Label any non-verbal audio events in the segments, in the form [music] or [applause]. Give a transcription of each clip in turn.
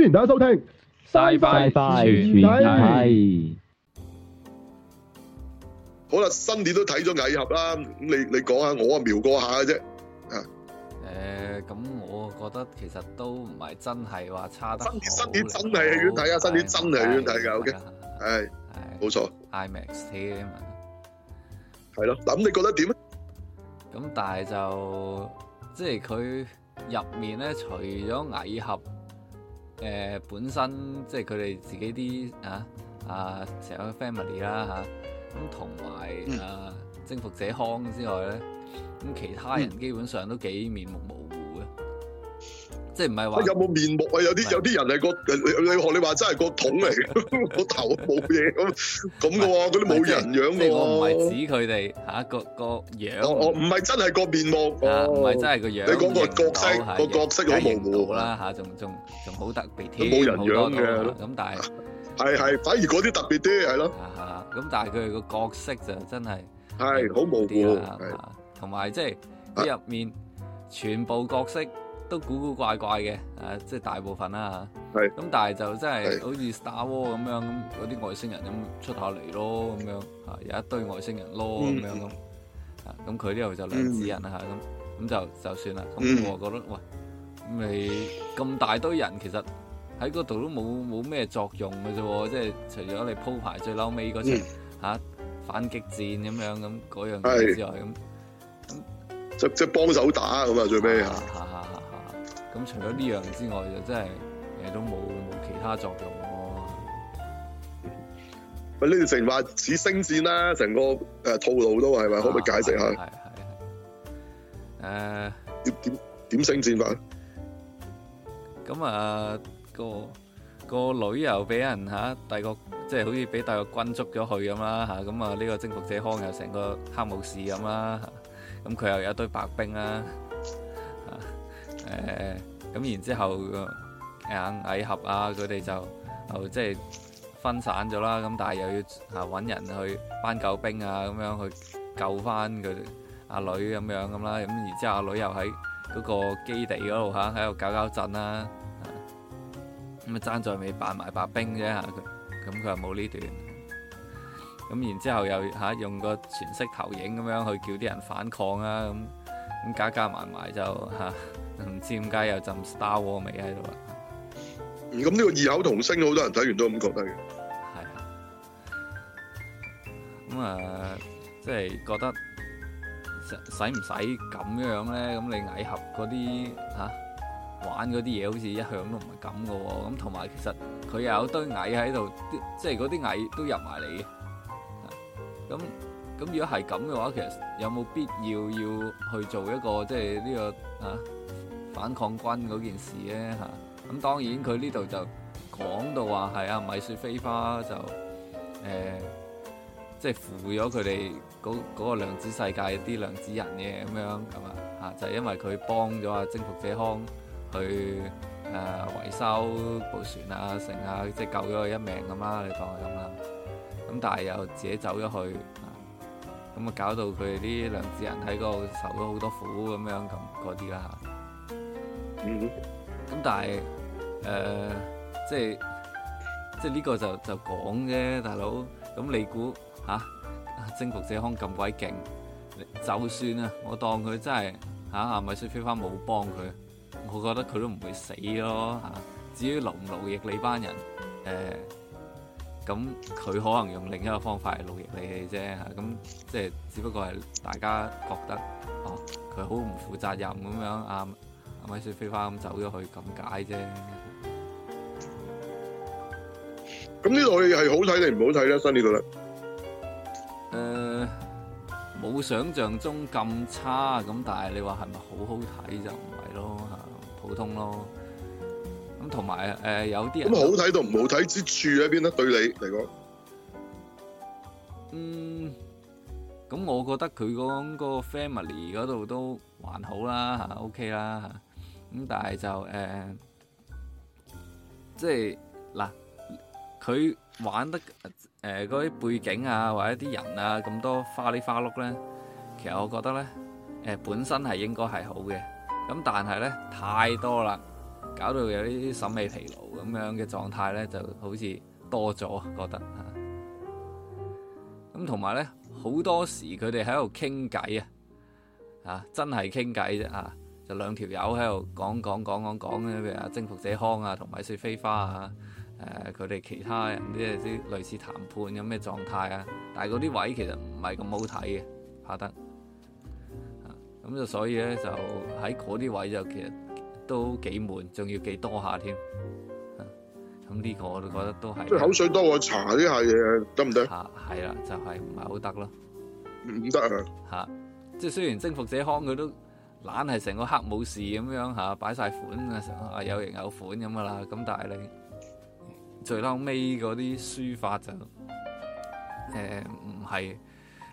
歡迎大家收聽，拜拜拜拜拜。好啦，新片都睇咗《蟻俠》啦，咁你你講下，我啊瞄過下嘅啫。誒，咁我覺得其實都唔係真係話差得。新片新片真係要睇下，新片真係要睇下。O K，係係冇錯。IMAX 添啊，係咯。咁你覺得點啊？咁但係就即係佢入面咧，除咗《蟻俠》。誒、呃、本身即係佢哋自己啲啊啊成個 family 啦吓，咁同埋啊，啊征服者康之外咧，咁其他人基本上都幾面目無。即係唔係話有冇面目啊？有啲有啲人係個你你學你話真係個桶嚟，個頭冇嘢咁咁嘅喎，嗰啲冇人樣嘅喎。我唔係指佢哋吓個個樣，我唔係真係個面目，唔係真係個樣。你講個角色，個角色好模糊啦吓，仲仲仲好特別添。冇人樣嘅，咁但係係係，反而嗰啲特別啲係咯。咁但係佢個角色就真係係好模糊，同埋即係入面全部角色。都古古怪怪嘅，啊，即係大部分啦，吓、啊，咁但係就真係好似 Star War 咁樣，咁嗰啲外星人咁出下嚟咯，咁樣，啊，有一堆外星人咯，咁樣咁，咁佢呢度就兩指人啦，吓、嗯、咁，咁、啊、就就算啦，咁、嗯、我覺得喂，咁你咁大堆人，其實喺嗰度都冇冇咩作用嘅啫、啊，即係除咗你鋪排最嬲尾嗰陣，吓、嗯啊、反擊戰咁樣，咁嗰樣嘢之外，咁即即係幫手打咁啊，最屘吓。咁除咗呢樣之外，就真係誒都冇冇其他作用咯、啊啊。喂、啊，你哋成日話似星戰啦，成、啊啊那個誒套路都係咪？可唔可以解釋下？係係誒點點點星戰法？咁啊個個女又俾人吓，大個即係好似俾大個軍捉咗去咁啦嚇。咁啊呢個征服者康又成個黑武士咁啦，咁、啊、佢又有一堆白兵啦。誒、嗯，咁然之後蟻俠啊，佢哋就哦即係分散咗啦。咁但係又要啊搵人去搬救兵啊，咁樣去救翻佢阿女咁樣咁啦。咁然之後阿女又喺嗰個基地嗰度吓，喺度搞搞震啦。咁啊爭在未扮埋白兵啫，咁、啊、佢又冇呢段。咁然之後又吓、啊、用個全息投影咁樣去叫啲人反抗啊，咁咁加一加埋埋就吓。啊唔知點解有陣 Star Wars 味喺度，呃、啊！咁呢個異口同聲，好多人睇完都咁覺得嘅。係咁啊，即係覺得使唔使咁樣咧？咁你蟻俠嗰啲吓玩嗰啲嘢，好似一向都唔係咁噶喎。咁同埋其實佢又有堆蟻喺度，即係嗰啲蟻都入埋嚟嘅。咁咁如果係咁嘅話，其實有冇必要要去做一個即係呢個啊？反抗軍嗰件事咧嚇，咁、啊、當然佢呢度就講到話係啊，米雪菲花就誒即係負咗佢哋嗰嗰個量子、那個、世界啲量子人嘅咁樣咁啊嚇，就係、是、因為佢幫咗啊征服者康去誒、啊、維修部船啊、成啊，即、就、係、是、救咗佢一命咁啦。你當係咁啦。咁、啊、但係又自己走咗去，咁啊就搞到佢哋啲量子人喺嗰度受咗好多苦咁樣咁嗰啲啦嚇。嗯，咁、嗯、但係誒、呃，即係即係呢個就就講啫，大佬。咁你估吓、啊、征服者康咁鬼勁，就算啊，我當佢真係吓阿米雪菲花冇幫佢，我覺得佢都唔會死咯吓。至、啊、於勞唔勞役你班人誒，咁、啊、佢可能用另一個方法嚟勞役你哋啫吓。咁即係只不過係大家覺得哦，佢好唔負責任咁樣啊。阿米雪飛花咁走咗去，咁解啫。咁呢度係係好睇定唔好睇咧？新呢度咧，誒、呃，冇想象中咁差，咁但係你話係咪好好睇就唔係咯，吓普通咯。咁同埋誒，有啲人咁好睇到唔好睇之處喺邊咧？對你嚟講，嗯，咁我覺得佢嗰個 family 嗰度都還好啦，吓 OK 啦。咁但係就誒、呃，即係嗱，佢、呃、玩得誒嗰啲背景啊，或者啲人啊咁多花里花碌咧，其實我覺得咧，誒、呃、本身係應該係好嘅，咁但係咧太多啦，搞到有啲審美疲勞咁樣嘅狀態咧，就好似多咗覺得吓，咁同埋咧好多時佢哋喺度傾偈啊，吓真係傾偈啫吓。啊就兩條友喺度講講講講講咧，譬如征、啊《征服者康》啊，同米雪菲花啊，誒佢哋其他人啲啲類似談判咁咩狀態啊，但係嗰啲位其實唔係咁好睇嘅，拍得嚇，咁就所以咧就喺嗰啲位就其實都幾悶，仲要幾多下添。咁呢個我都覺得都係。即口水多過茶呢下嘢得唔得？嚇係啦，就係唔係好得咯？唔得啊！嚇，即係雖然《征服者康》佢都。懶係成個黑武士咁樣擺晒款啊，有型有款咁噶啦。咁但係你最嬲尾嗰啲書法就誒唔係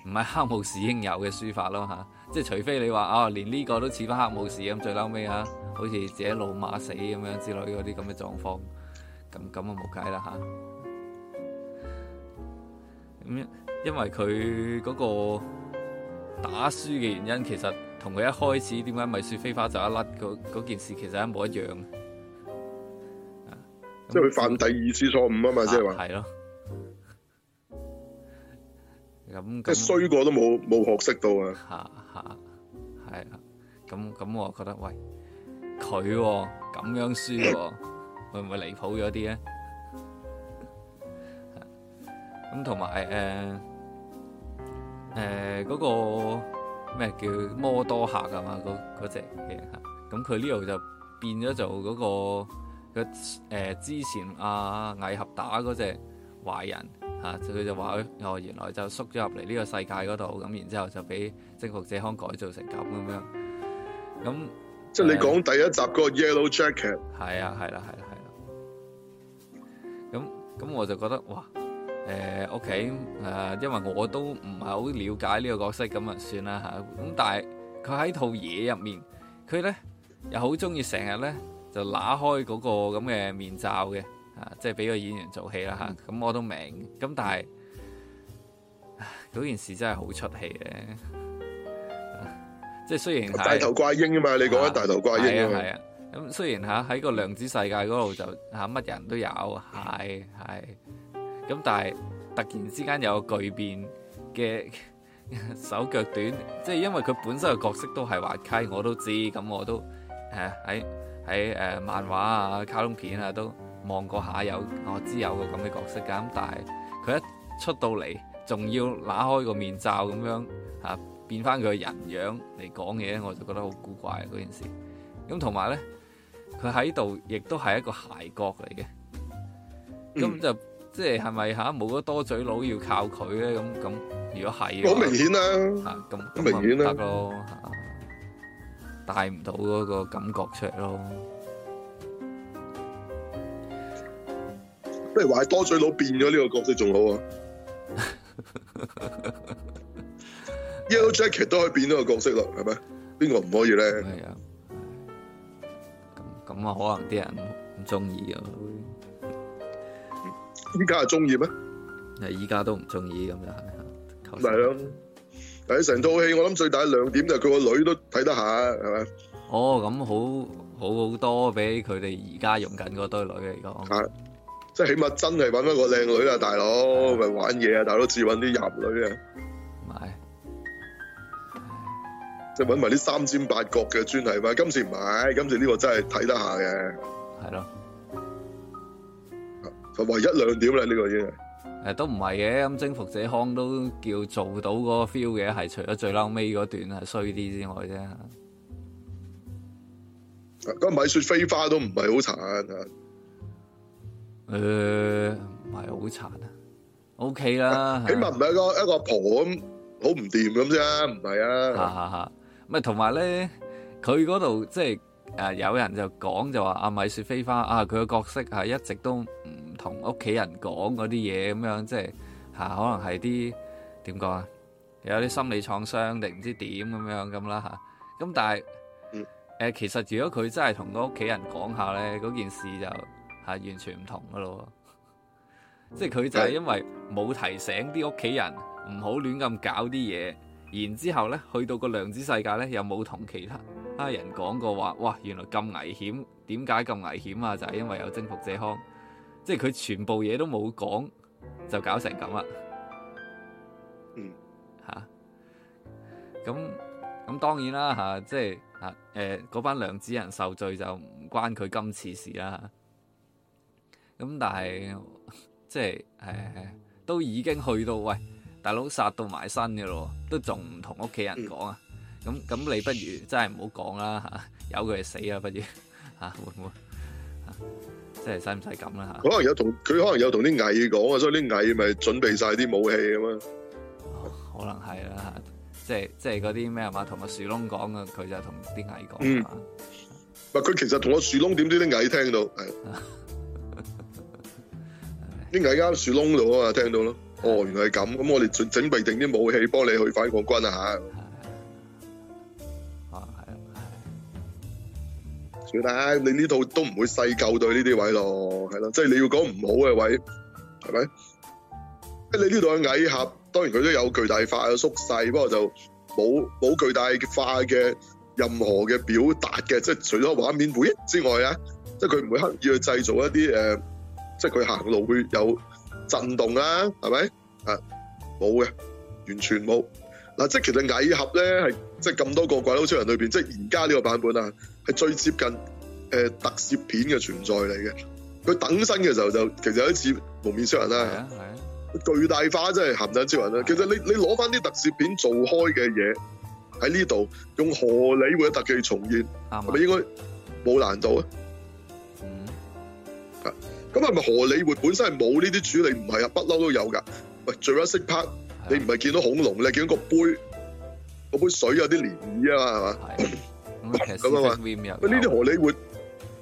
唔係黑武士應有嘅書法咯、啊、即係除非你話、啊、連呢個都似翻黑武士咁，最嬲尾嚇，好似自己老馬死咁樣之類嗰啲咁嘅狀況，咁咁啊冇計啦嚇。咁因為佢嗰個打輸嘅原因，其實。同佢一開始點解米雪飛花就一甩，嗰件事其實一模一樣，即係佢犯第二次錯誤啊嘛，即係話。係咯。咁即係衰過都冇冇學識到啊。吓吓係啊，咁咁我又覺得喂，佢咁、哦、樣輸、哦，會唔會離譜咗啲咧？咁同埋誒誒嗰個。咩叫摩多客啊嘛？嗰嗰隻嘅，咁佢呢度就變咗做嗰、嗰個，誒、呃、之前阿蟻俠打嗰隻壞人，吓佢、啊、就話哦，原來就縮咗入嚟呢個世界嗰度，咁然之後就俾征服者康改造成咁樣，咁即係你講第一集嗰個 Yellow Jacket，係啊係啦係啦係啦，咁咁、啊啊啊啊啊啊啊、我就覺得哇！誒，ok 誒，因為我都唔係好了解呢個角色，咁啊算啦吓。咁、uh, 但係佢喺套嘢入面，佢咧又好中意成日咧就揦開嗰個咁嘅面罩嘅，啊、uh,，即係俾個演員做戲啦吓。咁、uh, 嗯嗯、我都明。咁但係嗰、uh, 件事真係好出戲嘅，uh, 即係雖然大頭怪嬰啊嘛，你講大、uh, 頭怪嬰、uh, 啊，咁、uh, 啊啊啊嗯啊、雖然吓喺、uh, 個量子世界嗰度就吓乜、uh, 人都有，係、uh, 係。是咁但係突然之間有個巨變嘅手腳短，即係因為佢本身嘅角色都係滑稽，我都知咁，我都係喺喺誒漫畫啊、卡通片啊都望過下有我知有個咁嘅角色㗎。咁但係佢一出到嚟，仲要攞開個面罩咁樣嚇、啊、變翻佢嘅人樣嚟講嘢我就覺得好古怪嗰、啊、件事。咁同埋咧，佢喺度亦都係一個鞋角嚟嘅，咁、嗯、就。即係係咪吓冇咗多嘴佬要靠佢咧？咁咁，如果係好明顯啦、啊，吓咁咁明顯咯、啊，帶唔到嗰個感覺出嚟咯。不如話多嘴佬變咗呢個角色仲好啊 [laughs] ？Yellow Jacket 都可以變咗個角色咯，係咪？邊個唔可以咧？係啊，咁啊，可能啲人唔中意啊。點解係中意咩？係依家都唔中意，咁樣係咪。係咯，誒，成套戲我諗最大兩點就係佢個女都睇得下，係咪？哦，咁好好好多俾佢哋而家用緊嗰堆女嚟講。啊，即係起碼真係搵翻個靚女啊，大佬咪玩嘢啊，大佬至搵啲入女啊。唔係，即係搵埋啲三尖八角嘅專係嘛？今次唔係，今次呢個真係睇得下嘅。係咯。係唯一兩點啦，呢個先係誒都唔係嘅，咁征服者康都叫做到嗰個 feel 嘅，係除咗最嬲尾嗰段係衰啲之外啫。咁米雪飛花都唔係好殘啊，誒唔係好殘啊，OK 啦，起碼唔係個一個婆咁好唔掂咁啫，唔係啊，咪同埋咧，佢嗰度即係誒有人就講就話阿米雪飛花啊，佢個角色係一直都唔～同屋企人講嗰啲嘢咁樣，即係嚇、啊，可能係啲點講啊？有啲心理創傷定唔知點咁樣咁啦嚇。咁、啊、但係誒、啊，其實如果佢真係同個屋企人講下呢，嗰件事就係、啊、完全唔同噶咯。 [laughs] 即係佢就係因為冇提醒啲屋企人唔好亂咁搞啲嘢，然之後呢，去到個量子世界呢，又冇同其他他人講過話。哇，原來咁危險，點解咁危險啊？就係、係、因為有征服者康。即係佢全部嘢都冇講，就搞成咁啦。嗯，吓、啊，咁咁當然啦，吓、啊，即係吓，誒、啊，嗰班良子人受罪就唔關佢今次事啦。咁、啊、但係即係誒、啊，都已經去到喂，大佬殺到埋身嘅咯，都仲唔同屋企人講、嗯、啊？咁咁你不如真係唔好講啦，吓、啊，由佢死啊，不如吓、啊，會唔會？啊即係使唔使咁啦吓？可能有同佢可能有同啲蟻講啊，所以啲蟻咪準備晒啲武器咁啊、哦？可能係啦吓，即係即係嗰啲咩啊嘛，同個樹窿講啊，佢就同啲蟻講啊嘛。唔、嗯、佢其實同個樹窿點知啲蟻聽到？啲蟻喺樹窿度啊， [laughs] 聽到咯。 [laughs] 哦，原來係咁。咁我哋整準備定啲武器，幫你去反抗軍啊吓。算啦，你呢度都唔會細舊對呢啲位咯，係咯，即係你要講唔好嘅位，係咪？即係你呢度嘅蟻俠，當然佢都有巨大化嘅縮細，不過就冇冇巨大化嘅任何嘅表達嘅，即係除咗畫面回憶之外啊，即係佢唔會刻意去製造一啲誒、呃，即係佢行路會有震動啊，係咪？啊，冇嘅，完全冇。嗱、啊，即係其實蟻俠咧係即係咁多個鬼佬超人裏邊，即係而家呢個版本啊。係最接近誒特攝片嘅存在嚟嘅，佢等身嘅時候就其實有一次蒙面超人啦，巨大化真係鹹蛋超人啦。其實你你攞翻啲特攝片做開嘅嘢喺呢度，用荷里活嘅特技重現，係咪應該冇難度啊？啊，咁係咪荷里活本身係冇呢啲處理？唔係啊，不嬲都有㗎。喂，最一色 part，你唔係見到恐龍你見到個杯，嗰杯水有啲漣漪啊嘛，係嘛？咁啊嘛，呢 [noise] 啲樂荷里活，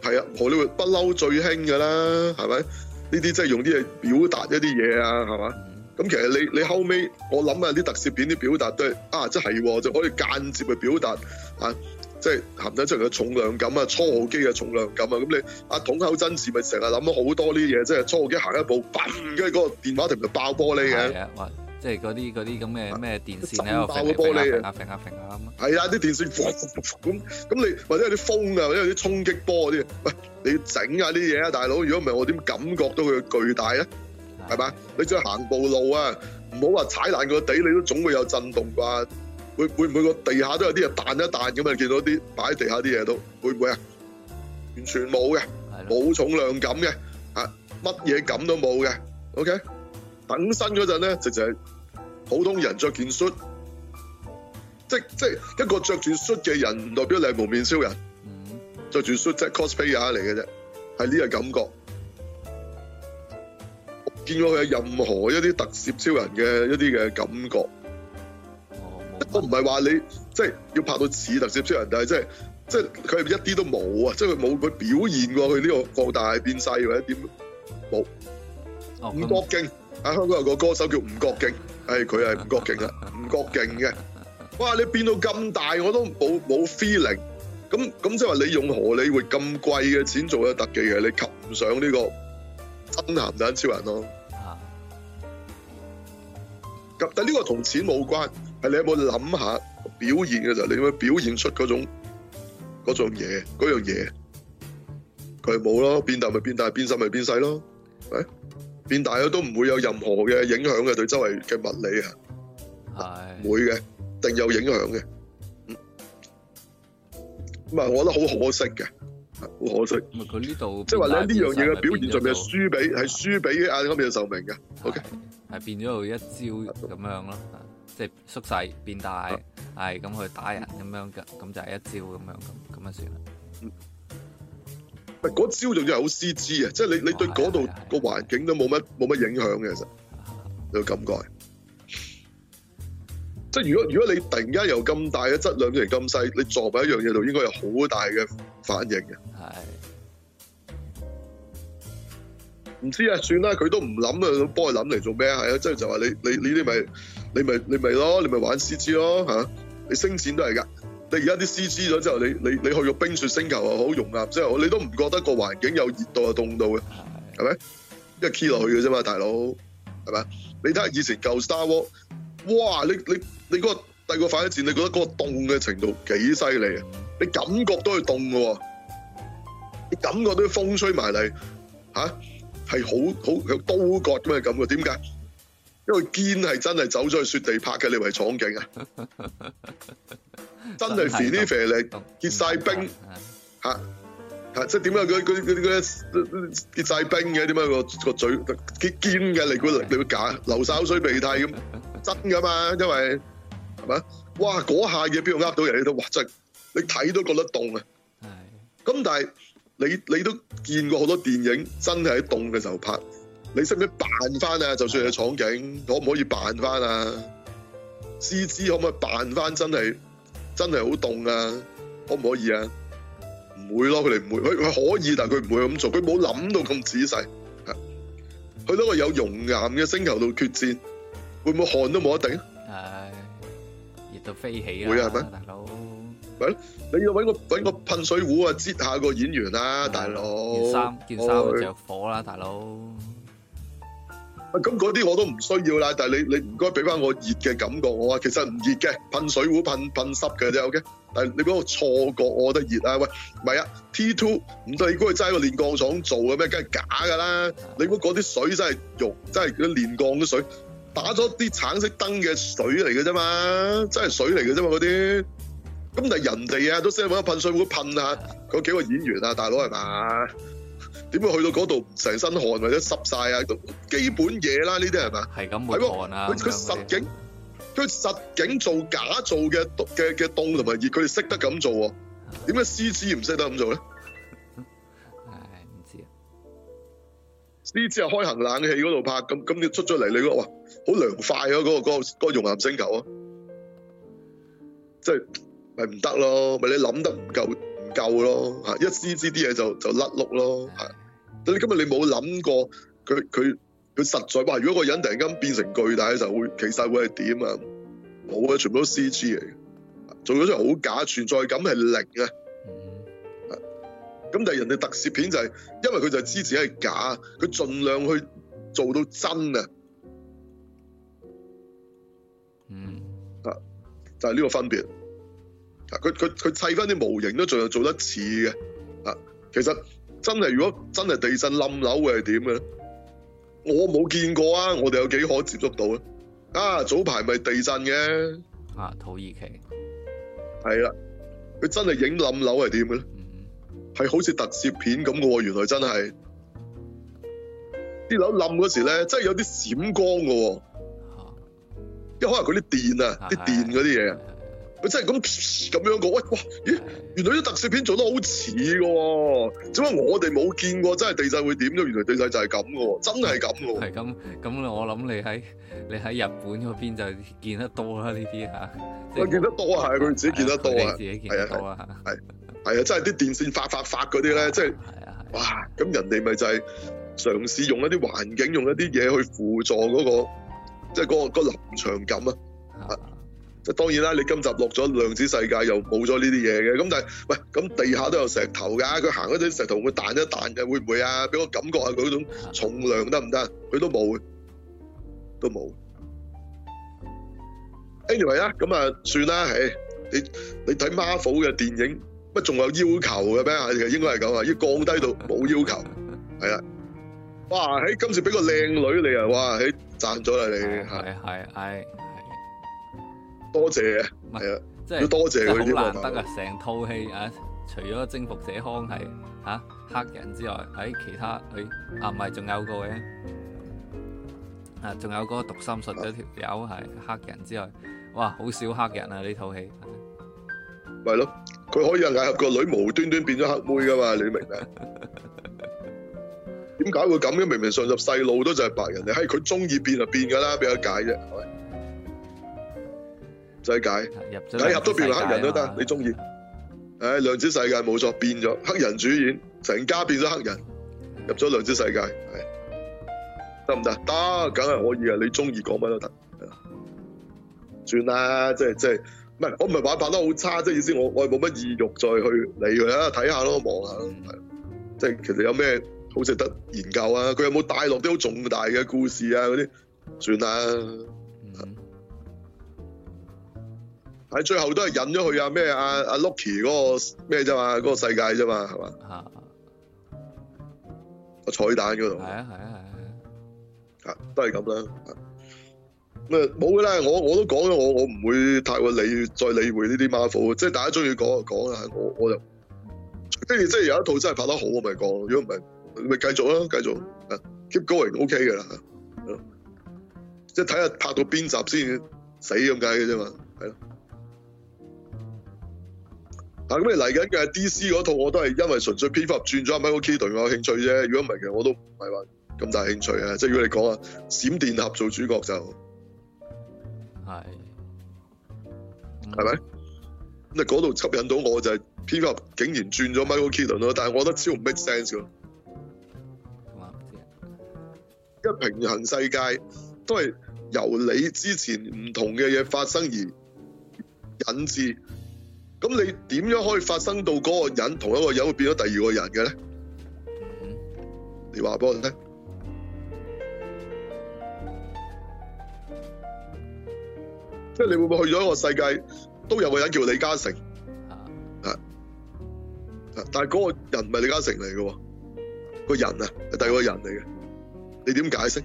係 [music] 啊，荷里活不嬲最興噶啦，係咪？呢啲即係用啲嘢表達一啲嘢啊，係嘛？咁 [music] 其實你你後尾，我諗下啲特攝片啲表達都係啊，啊，即係就可以間接去表達啊，即係行得出個重量感啊，初號機嘅重量感啊，咁你阿樋口真嗣咪成日諗咗好多呢啲嘢，即係初號機行一步，嘣，跟、那、住個電話亭就爆玻璃嘅、啊。 [music] 即係嗰啲嗰啲咁嘅咩電線咧，我揈下揈下揈下咁。係啊，啲電線咁咁 [laughs] 你或者有啲風噶，或者有啲衝擊波嗰啲。喂，你整下啲嘢啊，大佬！如果唔係我點感覺到佢嘅巨大咧？係嘛，你再行步路啊，唔好話踩爛個地，你都總會有震動啩？會會唔會個地下都有啲彈一彈咁啊？你見到啲擺喺地下啲嘢都會唔會啊？完全冇嘅，冇重量感嘅，吓乜嘢感都冇嘅。OK，等身嗰陣咧，直情。普通人着件恤，u i 即即一個着住恤嘅人，代表你係蒙面超人。着住 suit 即 cosplay 下嚟嘅啫，係呢個感覺。我見過佢有任何一啲特攝超人嘅一啲嘅感覺。哦、我唔係話你即要拍到似特攝超人，但係即即佢一啲都冇啊！即佢冇佢表現過，佢呢個放大變細或者點冇。吳國敬，喺香港有個歌手叫吳國敬。係佢係唔覺勁啊，唔覺勁嘅。哇，你變到咁大我都冇冇 feeling。咁咁即係話你用荷里活咁貴嘅錢做嘅特技嘅，你及唔上呢個真咸蛋超人咯。啊。咁但呢個同錢冇關，係你有冇諗下表現嘅時候，你要表現出嗰種嗰種嘢嗰樣嘢，佢冇咯，變大咪變大，變細咪變細咯，係。變大咗都唔會有任何嘅影響嘅，對周圍嘅物理啊，係會嘅，定有影響嘅。咁、嗯、啊，我覺得好可惜嘅，好可惜。佢呢度，即係話咧呢樣嘢嘅表現上面係輸俾係輸俾眼方面嘅壽命嘅。O K，係變咗做一招咁樣咯，即係縮細變大，係咁去打人咁樣嘅，咁就係一招咁樣咁咁樣算啦。嗰招仲要係好 CG 啊！即、就、係、是、你你對嗰度個環境都冇乜冇乜影響嘅，其實有感覺。即係如果如果你突然間由咁大嘅質量變咗咁細，你撞喺一樣嘢度，應該有好大嘅反應嘅。係唔知啊？算啦，佢都唔諗啊！幫佢諗嚟做咩啊？係啊，即係就話、是、你你呢啲咪你咪你咪咯，你咪玩 CG 咯吓，你升錢都係噶。你而家啲 CG 咗之後，你你你去到冰雪星球又好，融合之後，你都唔覺得個環境有熱到呀凍到呀嘅，係咪？一係 key 落去嘅啫嘛，大佬係咪？你睇下以前舊 Star Wars，哇！你你你嗰個第二個反擊戰，你覺得嗰個凍嘅程度幾犀利啊？你感覺都係凍㗎喎，你感覺都風吹埋嚟嚇，係好好有刀割咁嘅感覺。點解？因為堅係真係走咗去雪地拍嘅，你為廠景啊。真係 freeze 嚟，結晒冰吓吓、啊，即係點啊？佢佢佢佢結晒冰嘅，點解個個嘴結堅嘅？你估你會假？流晒口水鼻涕咁，真噶嘛？因為係嘛？哇！嗰下嘢邊度呃到人咧？都哇真，你睇都覺得凍啊！咁但係你你都見過好多電影真係喺凍嘅時候拍，你識唔識扮翻啊？就算係廠景，可唔可以扮翻啊？CG 可唔可以扮翻真係？真係好凍啊，可唔可以啊？唔會咯，佢哋唔會，佢佢可以，但係佢唔會咁做，佢冇諗到咁仔細。去到個有熔岩嘅星球度決戰，會唔會汗都冇得頂啊？係熱到飛起啊！會係咪？大佬，你要搵個搵個噴水壺啊，接下個演員啊，大佬。件衫，件衫着火啦，大佬。咁嗰啲我都唔需要啦，但係你你唔該俾翻我熱嘅感覺我啊，其實唔熱嘅，噴水壺噴噴濕嘅啫，OK？但係你嗰個錯覺我覺得熱啊，喂，唔係啊，T2 唔對估揸個煉鋼廠做嘅咩，梗係假噶啦！你估嗰啲水真係溶，真係嗰煉鋼嘅水，打咗啲橙色燈嘅水嚟嘅啫嘛，真係水嚟嘅啫嘛，嗰啲。咁但係人哋啊，都識搵噴水壺噴啊。嗰幾個演員啊，大佬係嘛？是點會去到嗰度成身汗或者濕晒啊？基本嘢啦，呢啲係咪？係咁冇汗啊！佢實景佢實景做假做嘅嘅嘅凍同埋熱，佢哋識得咁做喎。點解 CG 唔識得咁做咧？唉，唔知啊！CG 係開行冷氣嗰度拍，咁咁你出咗嚟，你話哇好涼快啊！嗰個嗰個嗰個熔岩星球啊，即係咪唔得咯？咪你諗得唔夠唔夠咯？吓，一 CG 啲嘢就就甩碌咯，係。但係今日你冇諗過，佢佢佢實在話，如果個人突然間變成巨大嘅時候，會其實會係點啊？冇啊，全部都 CG 嚟嘅，做咗出嚟好假，存在感係零啊。咁但係人哋特攝片就係，因為佢就係知自己係假，佢盡量去做到真啊。嗯。啊，就係呢個分別。啊，佢佢佢砌翻啲模型都仲係做得似嘅。啊，其實。真係如果真係地震冧樓會係點嘅？我冇見過啊！我哋有幾可接觸到咧、啊？啊，早排咪地震嘅啊，土耳其係啦，佢真係影冧樓係點嘅咧？係、嗯、好似特攝片咁嘅喎，原來真係啲樓冧嗰時咧、啊，真係有啲閃光嘅喎，因為可能佢啲電啊，啲電嗰啲嘢。佢真係咁咁樣講，喂哇！咦，原來啲特攝片做得好似嘅，只不過我哋冇見過，真係地震會點啫？原來地震就係咁嘅喎，真係咁嘅。係咁咁，我諗你喺你喺日本嗰邊就見得多啦，呢啲我見得多，佢見得多，佢見得多啊，係佢自己見得多啊，係啊，係啊，真係啲電線發發發嗰啲咧，即係、啊、哇！咁人哋咪就係嘗試用一啲環境、用一啲嘢去輔助嗰、嗰個，即係嗰個臨場感啊。即係當然啦，你今集落咗量子世界又冇咗呢啲嘢嘅，咁但係喂，咁地下都有石頭㗎，佢行嗰陣石頭會彈一彈嘅，會唔會啊？俾我感覺下，佢嗰種重量得唔得？佢都冇嘅，都冇。Anyway 啊，咁啊算啦，係你你睇 Marvel 嘅電影乜仲有要求嘅咩？其實應該係咁啊，要降低到冇要求。係啦，哇！喺今次俾個靚女你啊，哇！喺賺咗啦你。係係係。多謝啊，係啊，即係要多謝佢，好難得啊！成套戲啊，除咗征服者康係吓黑人之外，喺、哎、其他女、哎、啊，唔係仲有個嘅啊，仲有嗰個讀心術嗰條友係黑人之外，哇，好少黑人啊！呢套戲，咪咯，佢可以係蟻俠個女無端端變咗黑妹噶嘛？你明唔明？點 [laughs] 解會咁嘅？明明上集細路都就係白人嚟，係佢中意變就變噶啦，邊有解啫？世界，體核都變埋黑人都得，你中意。誒量子世界冇錯，變咗黑人主演，成家變咗黑人，入咗量子世界，係得唔得？得，梗係可以嘅，你中意講乜都得。算啦，即係即係，唔係我唔係玩法得好差，即係意思我我冇乜意欲再去理佢啦，睇下咯，望下咯，係。即係其實有咩好值得研究啊？佢有冇帶落啲好重大嘅故事啊？嗰啲算啦。喺最後都係引咗去啊咩啊啊 Loki 嗰個咩啫嘛，嗰、嗰個世界啫嘛，係嘛？嚇！個彩蛋嗰度係啊係啊係啊！啊，啊啊啊都係咁啦。咩冇啦？我我都講咗，我我唔會太過理再理會呢啲 Marvel。即、就、係、是、大家中意講就講啦。我我就即係即係有一套真係拍得好我說，我咪講如果唔係，咪繼續啦，繼續 keep going，OK 噶啦。即係睇下拍到邊集先死咁解嘅啫嘛。係咯。啊！咁你嚟緊嘅 DC 嗰套我都係因為純粹批發轉咗 Michael Keaton 我有興趣啫。如果唔係，其實我都唔係話咁大興趣嘅。即係如果你講啊，閃電俠做主角就係係咪？咁啊，嗰度吸引到我就係批發竟然轉咗 Michael Keaton 咯。但係我覺得超唔 make sense 㗎。因、啊、為平行世界都係由你之前唔同嘅嘢發生而引致。咁你點樣可以發生到嗰個人同一個人會變咗第二個人嘅咧？你話俾我聽，即係你會唔會去咗一個世界都有個人叫李嘉誠？係係，但係嗰個人唔係李嘉誠嚟嘅，個人啊係第二個人嚟嘅，你點解釋？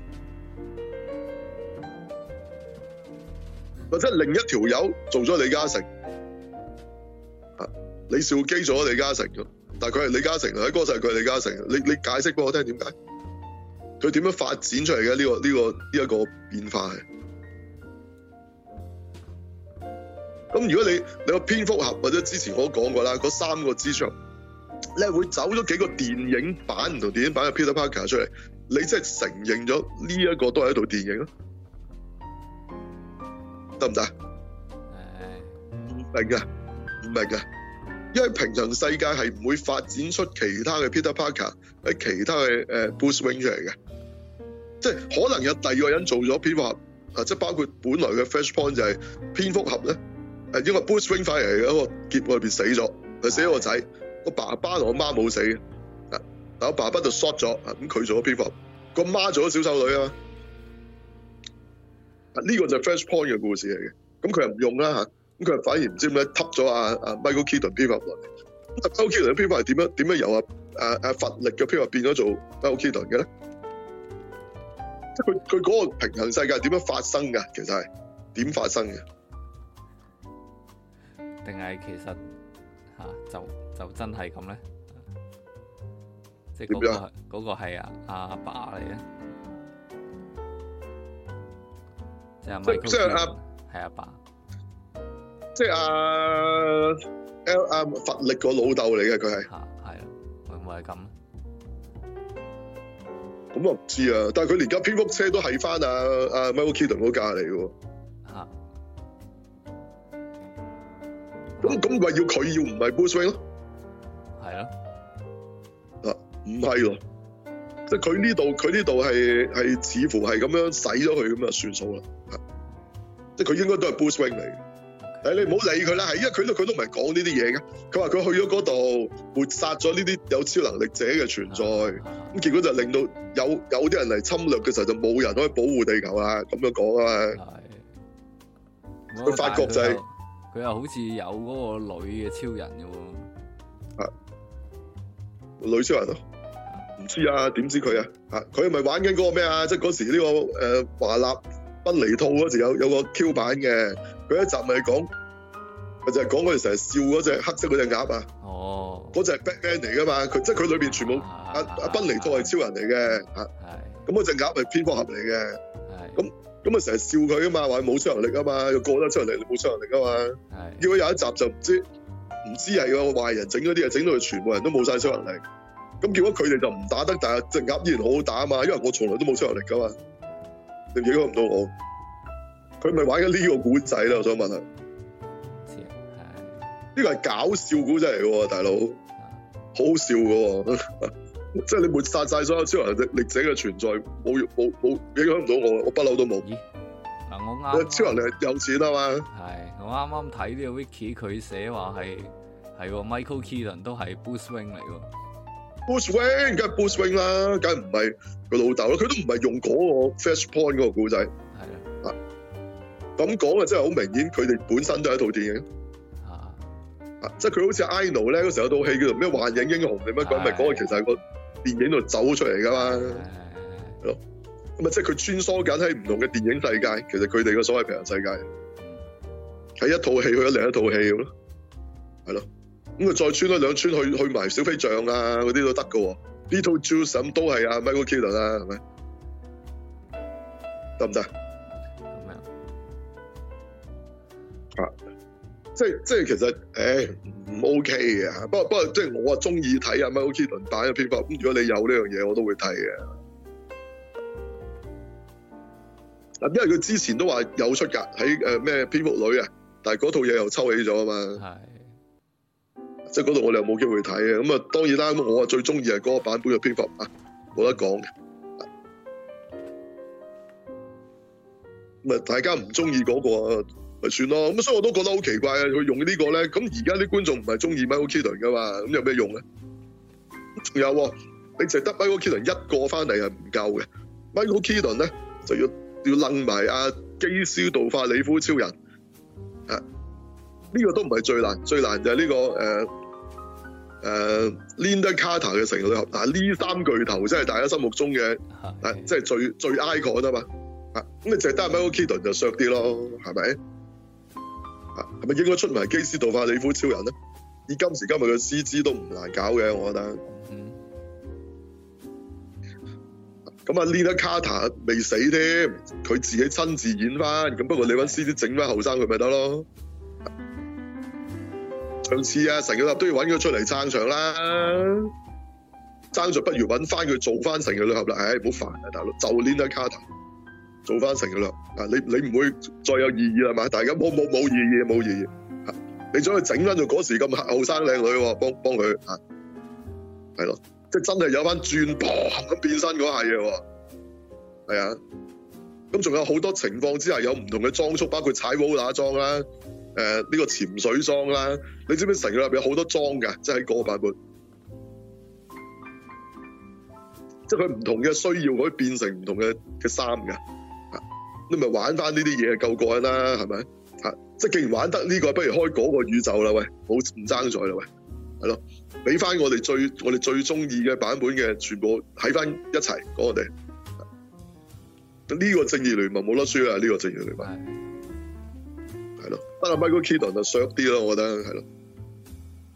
或者另一條友做咗李嘉誠？李兆基咗，李嘉誠咗，但係佢係李嘉誠，喺歌就係佢李嘉誠。你你解釋俾我聽點解？佢點樣發展出嚟嘅，呢個呢、這個呢一、這個變化？咁如果你你個蝙蝠俠或者之前我都講過啦，嗰三個支柱，你係會走咗幾個電影版唔同電影版嘅 Peter Parker 出嚟？你即係承認咗呢一個都係一套電影咯？得唔得？誒、嗯，明噶。唔明啊，因為平行世界係唔會發展出其他嘅 Peter Parker 喺其他嘅誒 Bruce Wayne 出嚟嘅，即係可能有第二個人做咗蝙蝠俠啊，即係包括本來嘅 Flashpoint 就係蝙蝠俠咧，誒因為 Bruce Wayne 翻嚟嘅一個劫案入面死咗，佢死咗個仔，個爸爸同個媽冇死嘅，但我爸爸就 shot 咗，咁佢做咗蝙蝠俠，個媽做咗小丑女啊，呢、這個就 Flashpoint 嘅故事嚟嘅，咁佢又唔用啦吓。佢反而唔知點解吸咗阿 Michael Keaton Puma 落嚟。Michael Keaton Puma 係點樣點樣由阿阿阿佛力嘅 Puma 變咗做 Michael Keaton 嘅咧？即係佢佢嗰個平衡世界點樣發生噶？其實係點發生嘅？定係其實吓、啊、就就真係咁咧？即係嗰個嗰、嗰個係阿阿爸嚟嘅？即係阿 Michael Keaton 係阿爸。即係阿 L M 佛力個老豆嚟嘅，佢係係啊，會唔會係咁咧？咁我唔知啊，是會會是這這知但係佢連架蝙蝠車都喺翻阿阿 Michael Keaton 嗰架嚟嘅喎。吓、啊，咁咁咪要佢要唔係 Bruce Wayne 咯？係啊，吓唔係咯？即係佢呢度，佢呢度係係似乎係咁樣使咗佢咁啊，算數啦。即係佢應該都係 Bruce Wayne 嚟。誒、哎，你唔好理佢啦，係，因為佢都佢都唔係講呢啲嘢嘅，佢話佢去咗嗰度，抹殺咗呢啲有超能力者嘅存在，咁結果就令到有有啲人嚟侵略嘅時候就冇人可以保護地球呀。咁樣講啊佢發覺就係、是，佢又,又好似有嗰個女嘅超人嘅啊，女超人咯，唔知啊，點知佢啊，啊，佢係咪玩緊嗰個咩啊？即係嗰時呢、這個誒華納不離兔嗰時有有個 Q 版嘅。佢一集咪講，咪就係講佢哋成日笑嗰隻黑色嗰隻鴨啊，嗰隻係 Batman 嚟噶嘛，佢即係佢裏邊全部阿阿賓尼都係超人嚟嘅，咁嗰隻鴨係蝙蝠俠嚟嘅，咁咁咪成日笑佢啊嘛，話冇超能力啊嘛，又過得超能力冇超能力啊嘛，結果有一集就唔知唔知係個壞人整嗰啲嘢，整到佢全部人都冇晒超能力，咁結果佢哋就唔打得，但係隻鴨依然好好打啊嘛，因為我從來都冇超能力噶嘛，你影響唔到我。佢咪玩緊呢個古仔咯？我想問下，呢個係搞笑古仔嚟嘅喎，大佬，好笑嘅喎，即 [laughs] 係你抹殺晒所有超人力者嘅存在，冇冇冇，影響唔到我，我不嬲都冇。嗱，我啱，超人係有錢啦嘛。係，我啱啱睇啲 wiki 佢寫話係係 Michael Keaton 都係 Bruce Wayne 嚟喎，Bruce Wayne 梗係 Bruce Wayne 啦，梗唔係個老豆啦，佢都唔係用嗰個 Flashpoint 嗰個古仔。咁講啊，真係好明顯，佢哋本身都係一套電影。啊，即係佢好似 Iron 咧嗰時候有套戲叫做咩《幻影英雄》，你乜鬼咪講佢其實係個電影度走出嚟噶嘛，係咯。咁啊，即係佢穿梭緊喺唔同嘅電影世界，其實佢哋嘅所謂平行世界，係一套戲去咗另一套戲咁咯，係咯。咁佢再穿多兩穿去去埋小飛象啊嗰啲都得㗎喎。呢套《Jaws》都係阿 Michael Keaton 啦，係咪？得唔得？啊，即係即係其實，誒唔 OK 嘅，不不過、OK、即係我啊中意睇阿米高基頓版嘅蝙蝠。咁如果你有呢樣嘢，我都會睇嘅。嗱，因為佢之前都話有出噶，喺誒咩蝙蝠女啊，但係嗰套嘢又抽起咗啊嘛，係，即係嗰度我哋又冇機會睇嘅。咁啊當然啦，我啊最中意係嗰個版本嘅蝙蝠啊，冇得講嘅，咁啊大家唔中意嗰個。咪算咯，咁所以我都覺得好奇怪啊！佢用，用呢個咧，咁而家啲觀眾唔係中意 Michael Keaton 噶嘛，咁有咩用咧？仲有，你淨係得 Michael Keaton 一個翻嚟係唔夠嘅，Michael Keaton 咧就要要楞埋阿基斯杜化李夫超人啊！呢個都唔係最難，最難就係呢個誒誒、啊啊、Linda Carter 嘅成個合啊！呢三巨頭先係大家心目中嘅即係最最 icon 啊嘛啊！咁你淨係得 Michael Keaton 就削啲咯，係咪？係咪應該出埋基斯道法李夫超人咧？以今時今日嘅 CG 都唔難搞嘅，我覺得。咁、嗯、啊，Linda Carter 未死添，佢自己親自演翻。咁不過你揾 CG 整翻後生佢咪得咯？上次啊，神奇女俠都要揾佢出嚟撐場啦，爭在不如揾翻佢做翻神奇女俠合啦。唉、哎，好煩啊大佬，就 Linda Carter。做翻成噶啦，啊你你唔會再有異議啦嘛？大家冇冇冇異議，冇異議嚇？你將佢整翻做嗰時咁後生靚女喎？幫幫佢啊，係咯，即係真係有返轉噉變身嗰下嘢喎，係啊。咁仲有好多情況之下有唔同嘅裝束，包括踩舞打裝啦，誒、呃、呢、呢個潛水裝啦，你知唔知成日入面有好多裝噶？即係喺嗰個版本，即係佢唔同嘅需要可以變成唔同嘅嘅衫噶。你咪玩翻呢啲嘢，夠過癮啦，係咪？吓，即係既然玩得呢個，不如開嗰個宇宙啦，喂，好唔爭在啦，喂，係咯，俾翻我哋最我哋最中意嘅版本嘅，全部喺翻一齊講我哋。呢個正義聯盟冇得輸啊，呢個正義聯盟係咯，得阿 Michael Keaton 就削啲咯，我覺得係咯，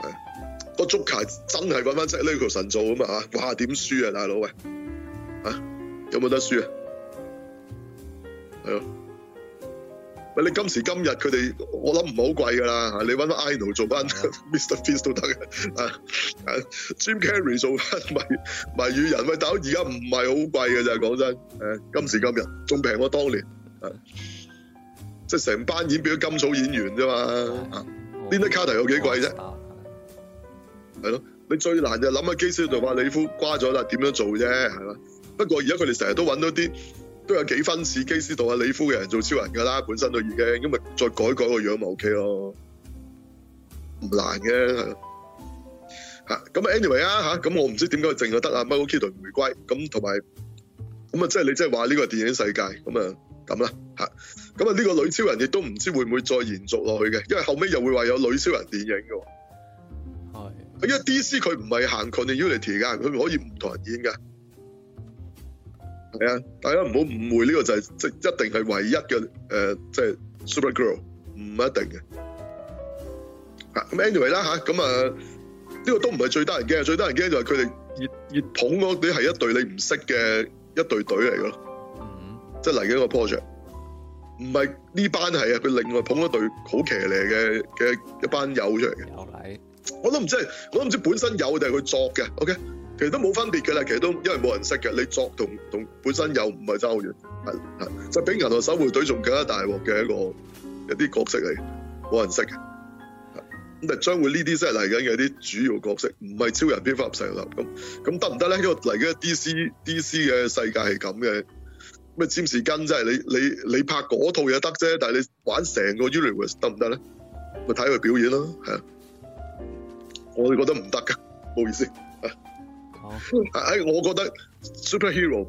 係個 Joker 真係搵翻出 Jack Nicholson 做啊嘛吓，哇點輸啊大佬喂，有冇得輸啊？有係咯，你今時今日佢哋，我諗唔係好貴噶啦。你搵到 idol 做翻 Mr. Freeze 都得嘅，啊 [laughs] ，Jim Carrey 做翻謎謎語人，喂，大佬，而家唔係好貴嘅咋，講真，誒，今時今日仲平過當年，啊，即係成班演變咗金草演員啫嘛，Lynda Carter 有幾貴啫，係咯，你最難就諗下基斯杜化李夫瓜咗啦，點樣做啫，係嘛？不過而家佢哋成日都搵到啲。都有幾分似基斯杜化·李夫嘅人做超人噶啦，本身都已經咁咪再改改個樣咪 OK 咯，唔難嘅係咯吓咁啊，anyway 啊吓咁我唔知點解淨係得阿 Michael Keaton 回歸咁同埋咁啊，即、嗯、係、啊嗯嗯就是、你即係話呢個係電影世界咁啊，咁啦吓咁啊呢個女超人亦都唔知會唔會再延續落去嘅，因為後尾又會話有女超人電影嘅，係因為 D.C 佢唔係行 continuity 噶，佢可以唔同人演噶。係啊，大家唔好誤會呢、這個就係、是、即一定係唯一嘅誒、呃，即係 Supergirl，唔一定嘅。嚇咁 anyway 啦，a 咁啊呢、anyway, 啊啊這個都唔係最得人驚，最得人驚就係佢哋熱熱捧嗰啲係一隊你唔識嘅一隊隊嚟嘅咯。嗯，即係嚟緊一個 project，唔係呢班係啊，佢另外捧一隊好騎呢嘅嘅一班友出嚟嘅。我都唔知道，我都唔知道本身有定係佢作嘅。OK。其實都冇分別嘅啦，其實都因為冇人識嘅，你作同同本身又唔係差好遠，係係就比銀河守護隊仲更加大鑊嘅一個一啲角色嚟，冇人識嘅，但係將會呢啲先係嚟緊嘅啲主要角色，唔係超人蝙蝠俠成立咁咁得唔得咧？因為嚟緊 DC DC 嘅世界係咁嘅，咁啊占士根真係你你你拍嗰套嘢得啫，但係你玩成個 universe 得唔得咧？咪睇佢表演咯，係啊，我哋覺得唔得噶，冇意思。喺我覺得 superhero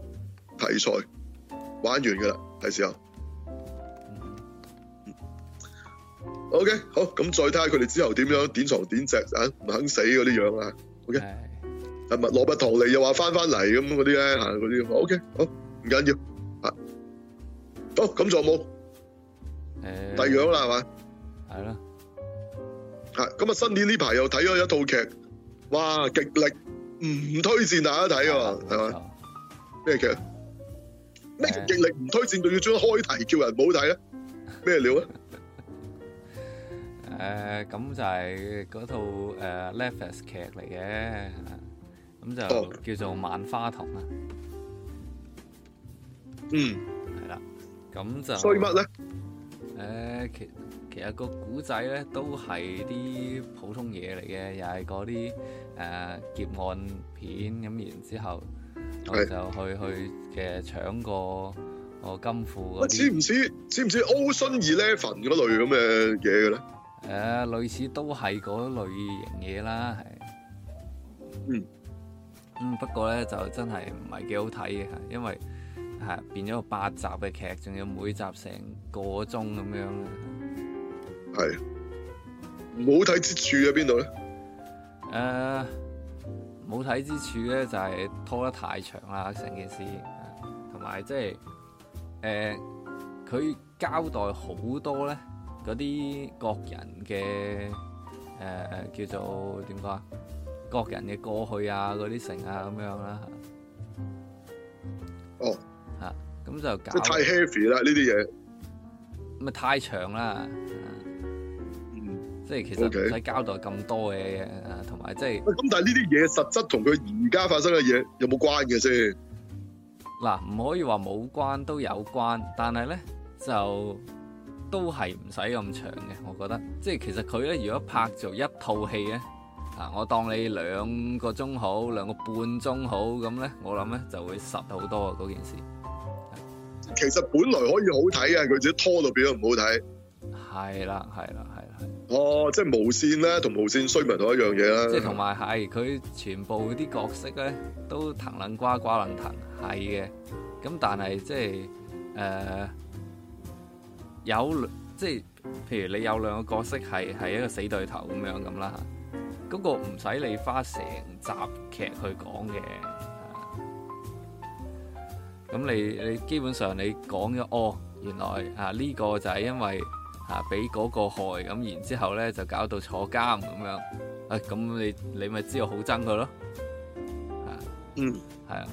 題材玩完噶啦，係時候。O K，好，咁再睇下佢哋之後點樣點床點隻啊，唔肯死嗰啲樣啊。O K，係咪攞筆糖嚟又話翻翻嚟咁嗰啲咧？嗰啲 O K，好唔緊要。好，咁就冇第樣啦，係嘛？係啦。啊，咁啊，新年呢排又睇咗一套劇，哇，極力！唔推薦大家睇啊，係嘛？咩劇？咩劇、呃、極力唔推薦就要將開題叫人唔好睇咧？咩料啊？誒、 [laughs] 呃，咁就係嗰套誒 Netflix 劇嚟嘅，咁、呃、 [laughs] 就叫做《萬花筒》啊。嗯，係啦，咁就衰乜咧？誒，呃其實個古仔咧都係啲普通嘢嚟嘅，又係嗰啲誒劫案片，咁然之後我就去去嘅搶個個金庫嗰啲。似唔似似唔似 Ocean Eleven 嗰類咁嘅嘢嘅咧？誒、呃，類似都係嗰類型嘢啦，係。嗯。嗯，不過咧就真係唔係幾好睇嘅，因為吓、啊、變咗個八集嘅劇，仲要每集成個鐘咁樣。係，冇睇之處喺邊度咧？誒，冇睇之處咧就係拖得太長啦，成件事，同埋即係誒，佢、就是呃、交代好多咧嗰啲各人嘅誒、呃、叫做點講啊？各人嘅過去啊，嗰啲成啊咁樣啦。哦，嚇，咁就搞太 heavy 啦！呢啲嘢咪太長啦。即係其實唔使交代咁多嘅嘢，同埋即係。咁但係呢啲嘢實質同佢而家發生嘅嘢有冇關嘅先？嗱，唔可以話冇關都有關，但係咧就都係唔使咁長嘅，我覺得。即係其實佢咧如果拍做一套戲咧，啊，我當你兩個鐘好，兩個半鐘好，咁咧我諗咧就會實好多嗰件事。其實本來可以好睇嘅，佢自己拖到變咗唔好睇。係啦，係啦，係。哦，即係無線啦，同無線衰埋同一樣嘢啦。即係同埋係佢全部啲角色咧，都騰擰瓜，瓜擰騰，係嘅。咁但係即係誒、呃、有即係，譬如你有兩個角色係係一個死對頭咁樣咁啦，嗰、那個唔使你花成集劇去講嘅。咁你你基本上你講咗哦，原來啊呢個就係因為。吓，俾嗰個害咁，然之後咧就搞到坐監咁樣。誒，咁你你咪知道我好憎佢咯。嗯，係啊。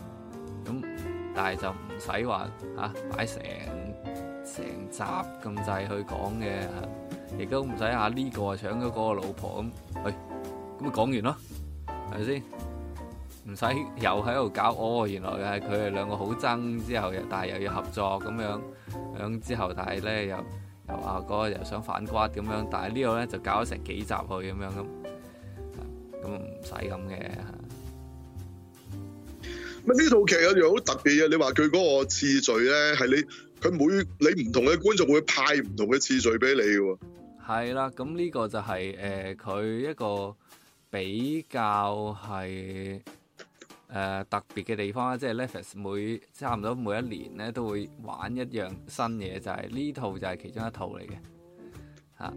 咁但係就唔使話吓，擺成成集咁滯去講嘅，亦都唔使吓呢個啊搶咗嗰個老婆咁。誒，咁咪講完咯，係咪先？唔使又喺度搞我。原來係佢哋兩個好憎之後，又但係又要合作咁樣，咁之後但係咧又。話嗰個又想反骨咁樣，但係呢個咧就搞咗成幾集去咁樣咁，咁唔使咁嘅。咁呢套劇有樣好特別嘅，你話佢嗰個次序咧，係你佢每你唔同嘅觀眾會派唔同嘅次序俾你嘅。係啦，咁呢個就係誒佢一個比較係。誒特別嘅地方咧，即係 Netflix 每差唔多每一年咧都會玩一樣新嘢，就係呢套就係其中一套嚟嘅嚇。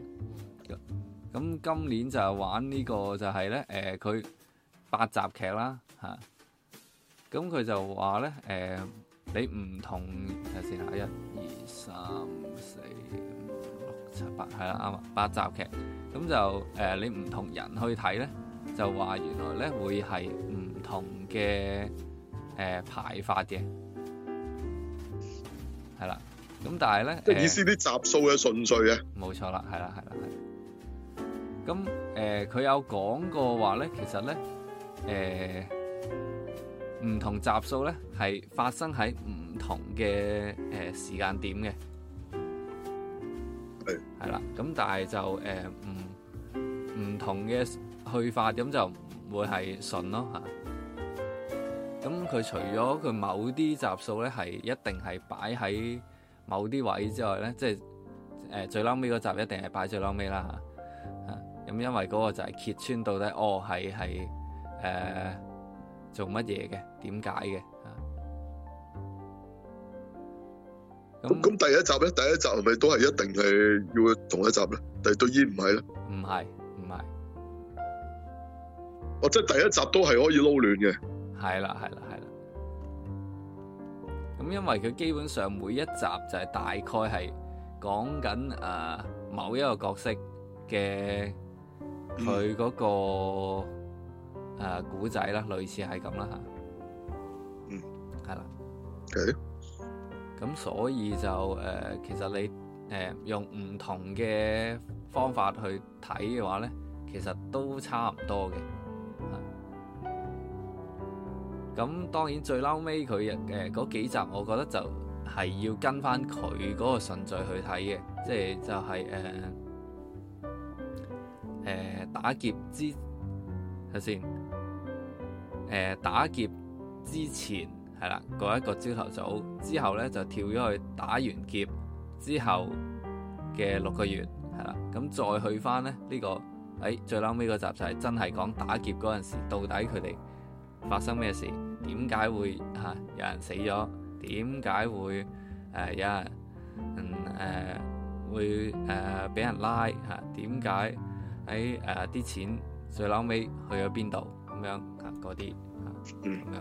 咁今年就係玩呢個就係咧誒，佢八集劇啦嚇。咁佢就話咧誒，你唔同誒，頭先啊一、二、三、四、五、六、七、八，係啦，啱啊，八集劇咁就誒，你唔同人去睇咧，就話原來咧會係唔～同嘅誒排法嘅，係啦，咁但係咧，即係意思啲集數嘅順序咧，冇錯啦，係啦，係啦，係。咁誒，佢有講過話咧，其實咧誒，唔同集數咧係發生喺唔同嘅誒時間點嘅，係，係啦。咁但係就誒唔唔同嘅去法，咁就會係順咯吓。咁佢除咗佢某啲集數咧，係一定係擺喺某啲位之外咧，即係誒最撈尾嗰集一定係擺最撈尾啦嚇。咁、啊、因為嗰個就係揭穿到底，哦係係誒做乜嘢嘅，點解嘅。咁咁第一集咧，第一集係咪都係一定係要同一集咧？但對呢唔係咧？唔係唔係。或者第一集都係可以撈亂嘅。係啦，係啦，係啦。咁因為佢基本上每一集就係大概係講緊誒某一個角色嘅佢嗰個誒古仔啦，類似係咁啦吓。嗯，係啦。咁、Okay. 所以就誒、呃，其實你誒、呃、用唔同嘅方法去睇嘅話咧，其實都差唔多嘅。咁當然最嬲尾佢誒嗰幾集，我覺得就係要跟翻佢嗰個順序去睇嘅，即係就係、是呃呃、打劫之，先、呃、打劫之前係啦，嗰一、那個朝頭早之後咧就跳咗去打完劫之後嘅六個月係啦，咁再去翻咧呢、呢個誒、哎、最嬲尾嗰集就係真係講打劫嗰陣時到底佢哋發生咩事？點解會吓有人死咗？點解會誒有人嗯誒、呃呃、會誒俾、呃、人拉吓？點解喺誒啲錢最尾去咗邊度咁樣吓嗰啲吓咁樣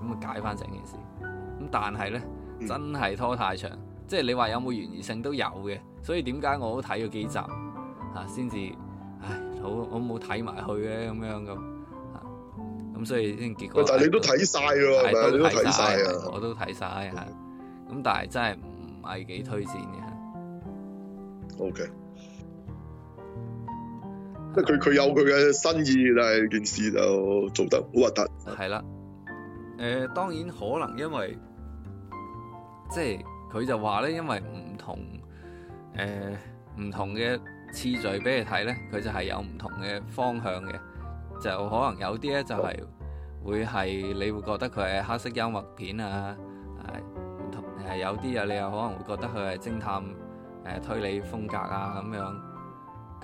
咁啊解翻成件事咁，但係咧真係拖太長，即係你話有冇懸疑性都有嘅，所以點解我都睇咗幾集吓，先至唉好好冇睇埋去嘅咁樣咁。咁所以先結果，但你都睇晒喎，係咪？你都睇晒啊！我都睇晒。嚇、okay，咁但係真係唔係幾推薦嘅。OK，即係佢佢有佢嘅新意，但係件事就做得好核突。係啦，誒、呃、當然可能因為即係佢就話、是、咧，因為唔同誒唔、呃、同嘅次序俾你睇咧，佢就係有唔同嘅方向嘅。就可能有啲咧，就係會係你會覺得佢係黑色幽默片啊，係同誒，有啲啊，你又可能會覺得佢係偵探誒推理風格啊，咁樣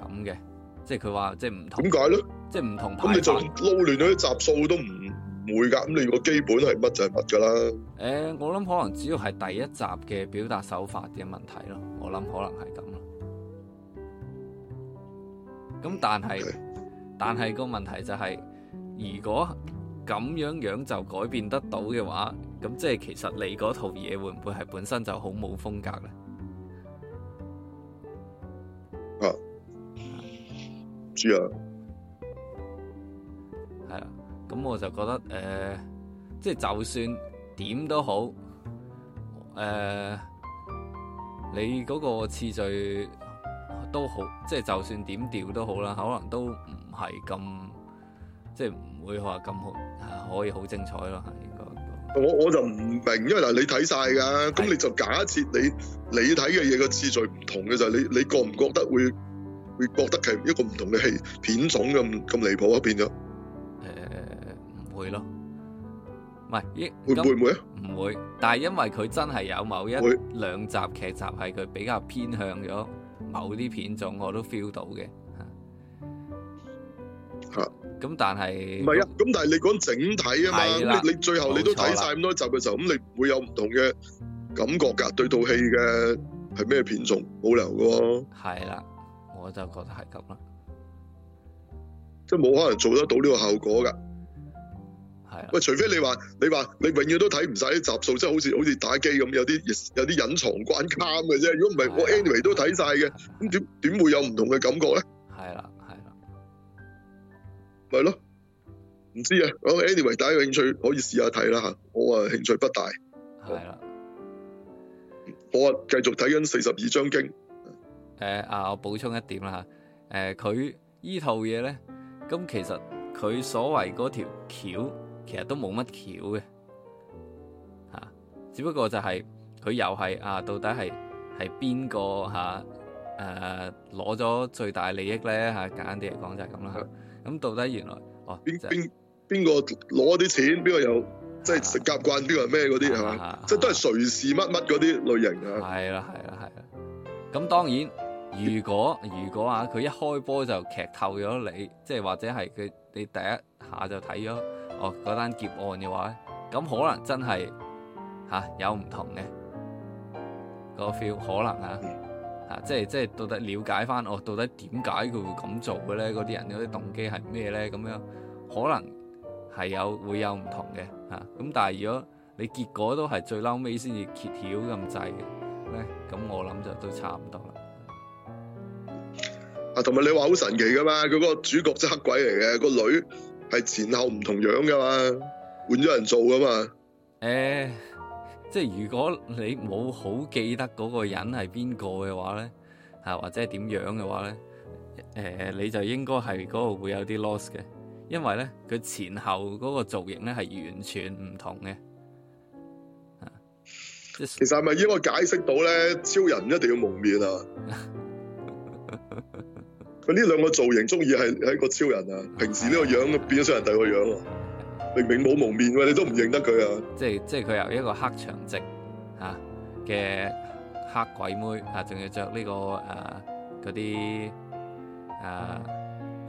咁嘅，即係佢話即係唔同。點解咧？即係唔同拍法，咁你就撈亂咗啲集數都唔會噶。咁你如果基本係乜就係乜噶啦。誒、欸，我諗可能只要係第一集嘅表達手法嘅問題咯。我諗可能係咁啦。咁但係。但係個問題就係、是，如果咁樣樣就改變得到嘅話，咁即係其實你嗰套嘢會唔會係本身就好冇風格咧？啊，知啊，係啦，咁我就覺得誒，即、呃、係、就是、就算點都好，誒、呃，你嗰個次序都好，即、就、係、是、就算點調都好啦，可能都唔係咁，即係唔會話咁好，可以好精彩咯。應該、這個，我我就唔明，因為嗱你睇晒噶，咁你就假設你你睇嘅嘢個次序唔同嘅就係、是、你你覺唔覺得會會覺得係一個唔同嘅戲片種咁咁離譜啊變咗？誒唔、呃、會咯，唔係因會會唔會啊？唔會，但係因為佢真係有某一兩集劇集係佢比較偏向咗某啲片種，我都 feel 到嘅。吓，咁但係唔係啊？咁但係你講整體啊嘛？咁你你最後你都睇晒咁多集嘅時候，咁你會有唔同嘅感覺噶？對套戲嘅係咩片種保留嘅？係啦，我就覺得係咁啦，即係冇可能做得到呢個效果噶。係喂，除非你話你話你永遠都睇唔晒啲集數，即係好似好似打機咁，有啲有啲隱藏關卡嘅啫。如果唔係，我 anyway 都睇晒嘅，咁點點會有唔同嘅感覺咧？咪咯，唔知啊。咁 anyway 大家有興趣可以試下睇啦吓。我啊興趣不大，係啦。我啊繼續睇緊四十二章經。誒、呃、啊，我補充一點啦吓。誒、呃，佢依套嘢咧，咁其實佢所謂嗰條橋，其實都冇乜橋嘅吓。只不過就係佢又係啊，到底係係邊個吓誒攞咗最大利益咧吓？簡單啲嚟講就係咁啦。咁到底原來邊邊邊個攞啲錢，邊個又即係習慣，邊個咩嗰啲係嘛？即係都係誰是乜乜嗰啲類型啊？係啦、啊，係啦、啊，係啦、啊。咁當然，如果如果啊，佢一開波就劇透咗你，即係或者係佢你第一下就睇咗哦嗰單劫案嘅話，咁可能真係吓、啊，有唔同嘅、嗰個 feel，可能啊。嗯啊，即係即係到底了解翻哦，到底點解佢會咁做嘅咧？嗰啲人嗰啲動機係咩咧？咁樣可能係有會有唔同嘅吓，咁、啊、但係如果你結果都係最嬲尾先至揭曉咁滯嘅咧，咁、啊、我諗就都差唔多啦。啊，同埋你話好神奇噶嘛，佢、個主角即係黑鬼嚟嘅，個女係前後唔同樣噶嘛，換咗人做噶嘛。誒、欸。即係如果你冇好記得嗰個人係邊個嘅話咧，嚇或者係點樣嘅話咧，誒、呃、你就應該係嗰個會有啲 loss 嘅，因為咧佢前後嗰個造型咧係完全唔同嘅。其實係咪應該解釋到咧，超人一定要蒙面啊？佢 [laughs] 呢兩個造型中意係一個超人啊，平時呢個樣變咗超人第個樣啊？明明冇蒙面喎，你都唔認得佢啊！即係即係佢由一個黑長直吓嘅黑鬼妹還、這個、啊，仲要着呢個誒嗰啲誒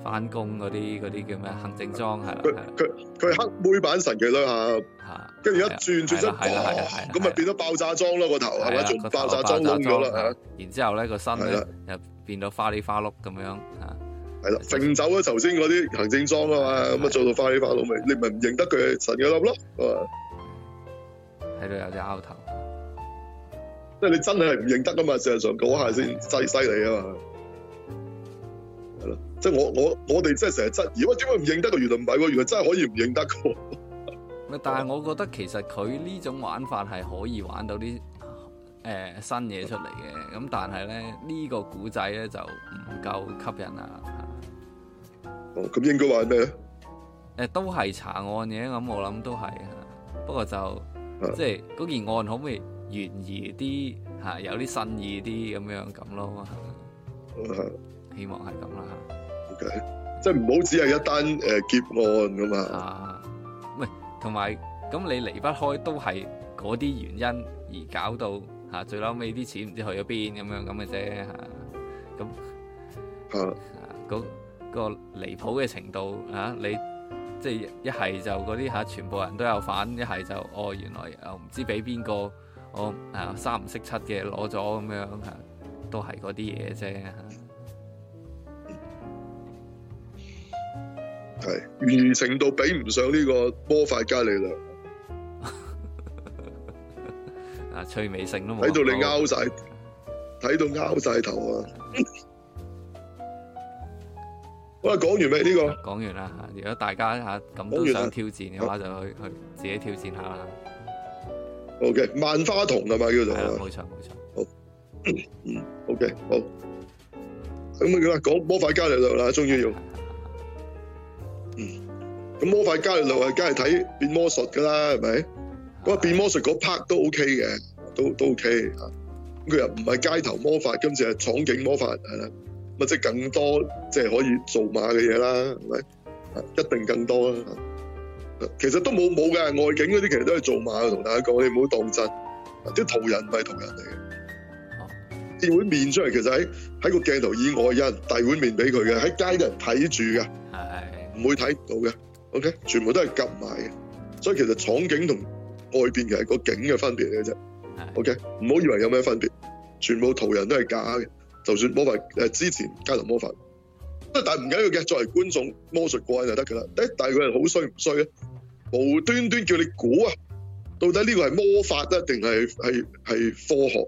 翻工嗰啲嗰啲叫咩行政裝係啦，佢佢佢係黑妹版神嘅啦。吓，跟住一轉轉出哇咁咪變咗爆炸裝咯個頭係咪啊？個爆炸裝咗啦，然之後咧個身咧又變到花里花碌咁樣吓。係啦，揈走咗頭先嗰啲行政裝啊嘛，咁啊做到快哩花佬咪，你咪唔認得佢神嘅粒咯？我話有隻拗頭，即係你真係唔認得啊嘛！事實上講下先，犀犀利啊嘛！係咯，即係我我我哋真係成日質疑，我點解唔認得個原諒牌？原來真係可以唔認得嘅。但係我覺得其實佢呢種玩法係可以玩到啲誒、呃、新嘢出嚟嘅，咁但係咧呢、呢個古仔咧就唔夠吸引啊！哦，咁應該話咩咧？誒，都係查案嘅，咁我諗都係，不過就即係嗰件案可唔可以懸疑啲，吓有啲新意啲咁樣咁咯，希望係咁啦吓。O K，即係唔好只係一單誒劫案㗎嘛，唔係，同埋咁你離不開都係嗰啲原因而搞到吓最屘尾啲錢唔知去咗邊咁樣咁嘅啫吓，咁係啊，咁。嗰個離譜嘅程度嚇、啊，你即係一係就嗰啲嚇，全部人都有反；一係就哦，原來又唔知俾邊個，我誒、啊、三唔識七嘅攞咗咁樣嚇，都係嗰啲嘢啫。係完成度比唔上呢個魔法伽利略啊！ [laughs] 趣味性都冇，睇到你拗晒，睇、哦、到拗晒頭啊！ [laughs] 我講完未？呢、這個講完啦，如果大家吓咁都想挑戰嘅話，就去去自己挑戰下啦。O、okay, K. 萬花筒係咪叫做，冇錯冇錯。好，嗯，O、okay, K. 好。咁啊，講魔法交流路啦，終於要。嗯，咁魔法伽利略係梗係睇變魔術噶啦，係咪？嗰、那個、變魔術嗰 part 都 O K 嘅，都都 O、OK、K。咁佢又唔係街頭魔法，跟住係闖景魔法，係啦。咪即係更多，即係可以做馬嘅嘢啦，係咪？一定更多啊！其實都冇冇嘅外景嗰啲，其實都係做馬。我同大家講，你唔好當真，啲途人唔係途人嚟嘅。哦，麵出嚟其實喺喺個鏡頭以外有人遞碗麵俾佢嘅，喺街度人睇住嘅，係唔會睇到嘅。O K，全部都係夾埋嘅，所以其實廠景同外邊嘅係個景嘅分別嘅啫。O K，唔好以為有咩分別，全部途人都係假嘅。就算魔法，誒，之前街頭魔法，但係唔緊要嘅。作為觀眾，魔術過癮就得嘅啦。誒，但係佢係好衰唔衰咧？無端端叫你估啊，到底呢個係魔法啊定係係係科學？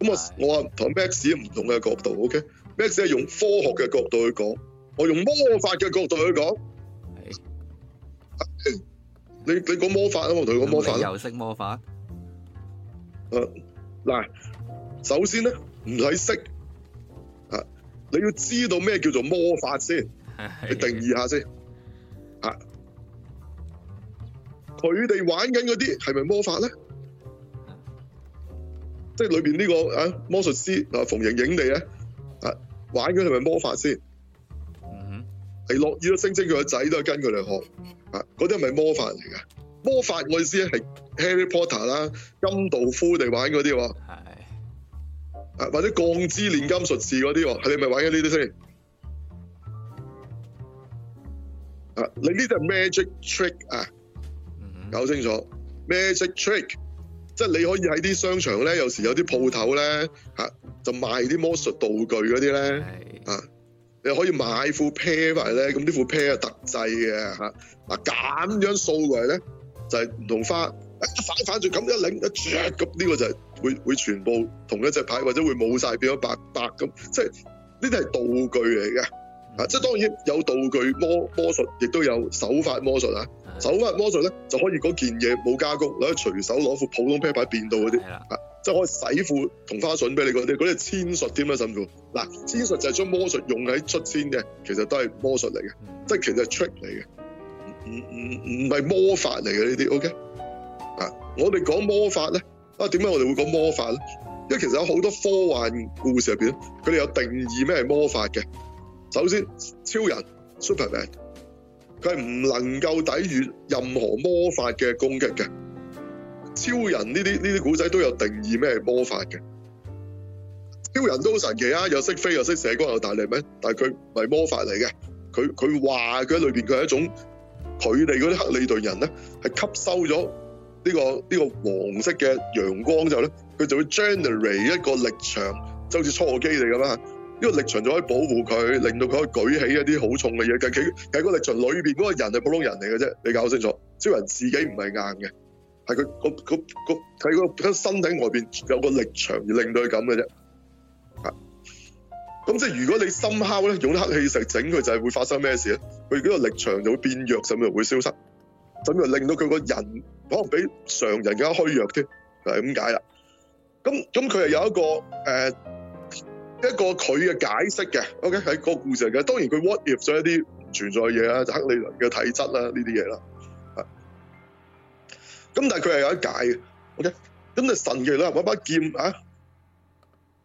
咁我我話同 Max 唔同嘅角度，OK？Max、okay? 係用科學嘅角度去講，我用魔法嘅角度去講。係。你你講魔法啊？我同你講魔法。你又識魔法？誒，嗱、呃，首先咧，唔使識。你要知道咩叫做魔法先？你定義下先。嚇、啊，佢哋玩緊嗰啲係咪魔法咧、啊？即係裏邊呢個啊，魔術師嗱、啊，馮盈盈哋咧，嚇、啊、玩緊係咪魔法先？嗯，係樂意都聲稱佢個仔都係跟佢哋學。嚇、啊，嗰啲係咪魔法嚟㗎？魔法我意思係 Harry Potter 啦，甘道夫哋玩嗰啲喎。或者鋼之鍊金術士嗰啲喎，係你咪玩緊呢啲先？啊，你呢啲係 magic trick 啊，mm -hmm. 搞清楚 magic trick，即係你可以喺啲商場咧，有時候有啲鋪頭咧嚇就賣啲魔術道具嗰啲咧，mm -hmm. 啊，你可以買副 pair 返嚟咧，咁呢副 pair 係特製嘅嚇，嗱、啊、咁樣掃嚟咧就係、是、唔同花，一反一反轉咁一擰一折咁呢個就係、是。會會全部同一隻牌，或者會冇晒變咗白白咁，即係呢啲係道具嚟嘅啊！即係當然有道具魔魔術，亦都有手法魔術啊！手法魔術咧就可以嗰件嘢冇加工，可以隨手攞副普通啤牌 p 變到嗰啲啊！即係可以洗褲同花筍俾你嗰啲，嗰啲千術添、啊、啦，甚至嗱千術就係將魔術用喺出千嘅，其實都係魔術嚟嘅、嗯，即係其實係 trick 嚟嘅，唔唔唔唔係魔法嚟嘅呢啲。OK 啊，我哋講魔法咧。啊，點解我哋會講魔法咧？因為其實有好多科幻故事入邊，佢哋有定義咩係魔法嘅。首先，超人 Superman，佢係唔能夠抵禦任何魔法嘅攻擊嘅。超人呢啲呢啲古仔都有定義咩係魔法嘅。超人都好神奇啊，又識飛又識射光又大力咩？但係佢唔係魔法嚟嘅，佢佢話佢喺裏邊佢係一種，佢哋嗰啲克里頓人咧係吸收咗。呢、這個呢、這個黃色嘅陽光之後咧，佢就會 generate 一個力場，就好似錯基嚟咁啦。呢、這個力場就可以保護佢，令到佢可以舉起一啲好重嘅嘢。但係佢喺個力場裏邊嗰個人係普通人嚟嘅啫，你搞清楚，即係人自己唔係硬嘅，係佢個個喺個身體外邊有個力場而令到佢咁嘅啫。啊，咁即係如果你深敲咧，用黑氣石整佢就係會發生咩事咧？佢嗰個力場就會變弱，甚至會消失，甚至令到佢個人。可能比常人更加虛弱添，就係咁解啦。咁咁佢係有一個誒、呃、一個佢嘅解釋嘅，OK 喺個故事入邊。當然佢 what if 咗一啲唔存在嘅嘢啦，就克里利嘅體質啦，呢啲嘢啦。啊，咁但係佢係有解嘅，OK。咁啊神嚟啦，攞把劍啊，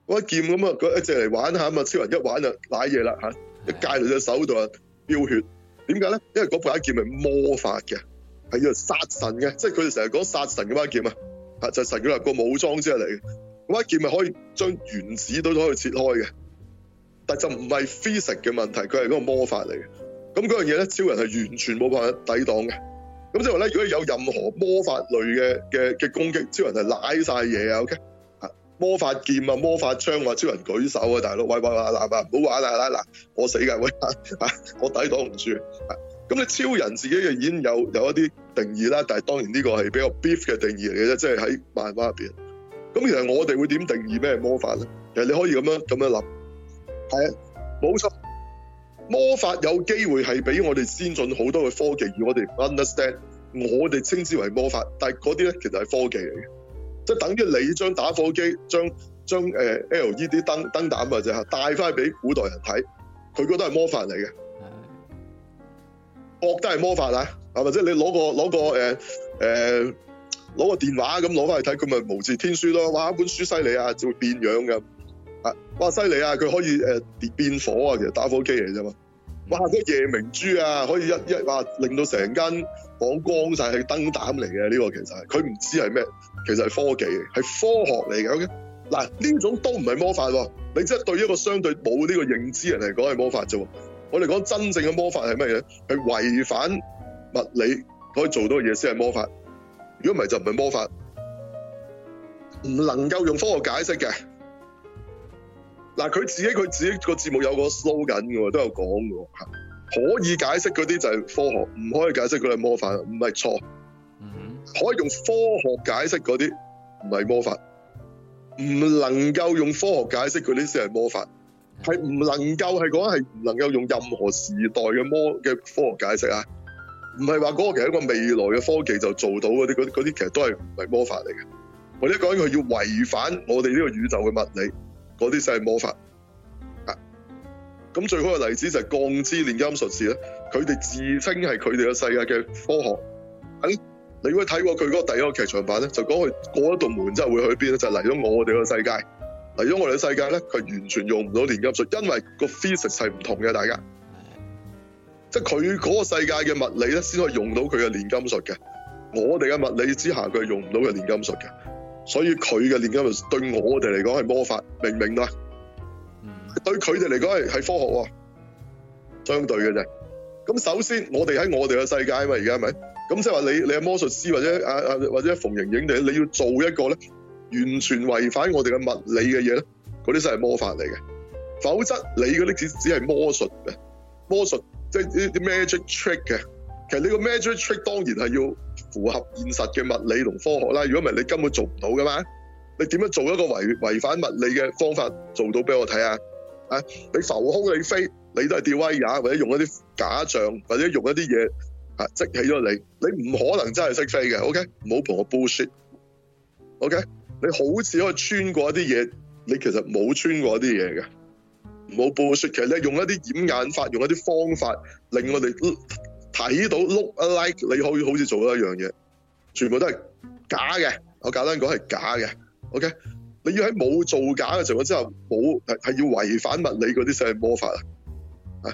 攞把劍咁啊，佢一直嚟玩下咁啊，超人一玩就瀨嘢啦嚇，一戒到隻手度啊，飆血。點解咧？因為嗰把劍係魔法嘅。係要殺神嘅，即係佢哋成日講殺神嘅彎劍啊，吓就是，神嘅一個武裝之嚟嘅。彎劍咪可以將原子都都可以切開嘅，但就唔係 physics 嘅問題，佢係一個魔法嚟嘅。咁嗰樣嘢咧，超人係完全冇辦法抵擋嘅。咁即係話咧，如果有任何魔法類嘅嘅嘅攻擊，超人係拉晒嘢啊，OK？魔法劍啊，魔法槍啊，超人舉手啊，大佬，喂喂喂，嗱嗱唔好玩啦啦，嗱我死噶喂，我抵擋唔住。咁你超人自己嘅已經有有一啲定義啦，但係當然呢個係比較 beef 嘅定義嚟嘅啫，即係喺漫畫入邊。咁其實我哋會點定義咩係魔法咧？其實你可以咁樣咁樣諗。係啊，冇錯。魔法有機會係俾我哋先進好多嘅科技，而我哋唔 understand，我哋稱之為魔法但，但係嗰啲咧其實係科技嚟嘅。即係等於你將打火機、將將、呃、LED 燈燈膽啊，或者係帶翻俾古代人睇，佢覺得係魔法嚟嘅。惡都係魔法啊，係咪即先？你攞個攞個誒誒攞個電話咁攞翻嚟睇，佢咪無字天書咯？哇！一本書犀利啊，就會變樣咁啊！哇！犀利啊，佢可以誒變、呃、變火啊，其實打火機嚟啫嘛！哇！嗰夜明珠啊，可以一一哇、啊，令到成間房光晒，係燈膽嚟嘅呢個其實係，佢唔知係咩，其實係科技嘅，係科學嚟嘅。嗱、OK？呢種都唔係魔法喎，你即係對一個相對冇呢個認知人嚟講係魔法啫喎。我哋講真正嘅魔法係乜嘢？係違反物理可以做到嘅嘢先係魔法。如果唔係就唔係魔法，唔能夠用科學解釋嘅。嗱，佢自己佢自己個節目有個 show 緊嘅，都有講嘅。可以解釋嗰啲就係科學，唔可以解釋佢係魔法，唔係錯。可以用科學解釋嗰啲唔係魔法，唔能夠用科學解釋嗰啲先係魔法。係唔能夠係講係唔能夠用任何時代嘅魔嘅科學解釋啊！唔係話嗰個其實係一個未來嘅科技就做到嗰啲嗰啲，其實都係唔係魔法嚟嘅。或者講佢要違反我哋呢個宇宙嘅物理，嗰啲先係魔法啊！咁最好嘅例子就係降之念音術士咧，佢哋自稱係佢哋嘅世界嘅科學。咁你會睇過佢嗰個第一個劇場版咧，就講佢過一道門之後會去邊咧，就嚟咗我哋嗰個世界。嚟咗我哋嘅世界咧，佢完全用唔到煉金術，因為個 physics 係唔同嘅，大家。即係佢嗰個世界嘅物理咧，先可以用到佢嘅煉金術嘅。我哋嘅物理之下，佢係用唔到嘅煉金術嘅。所以佢嘅煉金術對我哋嚟講係魔法，明唔明啊？對佢哋嚟講係係科學喎、哦，相對嘅啫。咁首先我哋喺我哋嘅世界啊嘛，而家係咪？咁即係話你你係魔術師或者啊啊或者馮盈盈你你要做一個咧？完全違反我哋嘅物理嘅嘢咧，嗰啲真係魔法嚟嘅。否則你嗰啲只只係魔術嘅，魔術即係啲 magic trick 嘅。其實你個 magic trick 當然係要符合現實嘅物理同科學啦。如果唔係你根本做唔到噶嘛。你點樣做一個違反物理嘅方法做到俾我睇啊？啊，你浮空你飛，你都係吊威亞，或者用一啲假象，或者用一啲嘢嚇積起咗你，你唔可能真係識飛嘅。OK，唔好同我 bullshit。OK。你好似可以穿過一啲嘢，你其實冇穿過一啲嘢嘅，唔好暴説。其實咧，用一啲掩眼法，用一啲方法，令我哋睇到 look alike， [music] 你可以好似做一樣嘢，全部都係假嘅。我簡單講係假嘅。OK，你要喺冇造假嘅情況之下，冇係要違反物理嗰啲細魔法啊。啊，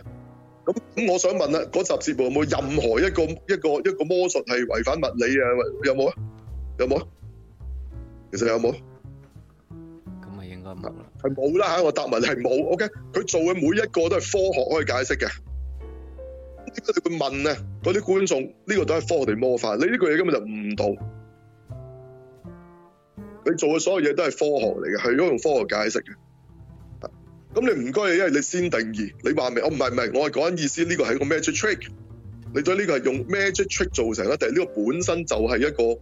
咁咁，我想問啦、啊，嗰集節目有冇任何一個一個一個魔術係違反物理啊？有冇啊？有冇啊？其實有冇？咁啊，應該唔得啦。係冇啦吓，我答問係冇。O K，佢做嘅每一個都係科學可以解釋嘅。點解你會問啊？啲觀眾呢、這個都係科學定魔法。你呢個嘢根本就唔到。你做嘅所有嘢都係科學嚟嘅，係都用科學解釋嘅。咁你唔該，因為你先定義，你話明我唔係唔係，我係講緊意思。呢、這個係個 magic trick。你對呢個係用 magic trick 做成咧，定係呢個本身就係一個誒，係、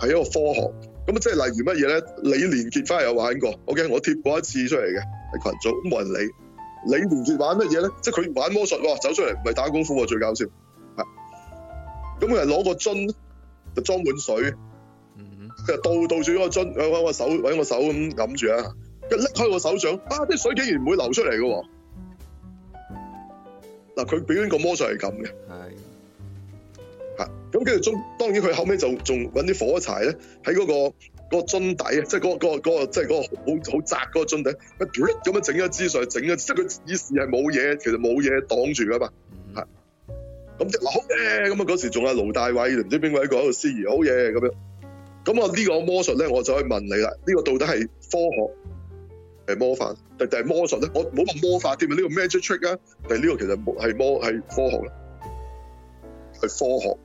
呃、一個科學？咁即係例如乜嘢咧？李連杰翻嚟有玩過，OK，我貼過一次出嚟嘅喺群組，咁冇人理。李連杰玩乜嘢咧？即係佢玩魔術、哦，走出嚟唔係打功夫，最搞笑。咁佢係攞個樽，就裝滿水，佢、嗯、又倒倒住嗰個樽，喺個手喺個手咁揞住啊，一拎開個手掌，啊，啲水竟然唔會流出嚟嘅。嗱、啊，佢表演個魔術係咁嘅。咁跟住，中當然佢後尾就仲揾啲火柴咧，喺嗰個嗰個樽底啊，即係嗰個即係好好窄嗰個樽底，咁樣整一支上去，整啊，即係佢意思係冇嘢，其實冇嘢擋住噶嘛，係。咁即話好嘅，咁啊嗰時仲有盧大偉唔知邊個喺嗰度司儀，好嘢。咁咁我呢個魔術咧，我就去問你啦。呢個到底係科學誒魔法定定係魔術咧？我冇話魔法添啊，呢個 magic trick 啊，但係呢個其實冇係魔係科學啦。係科學，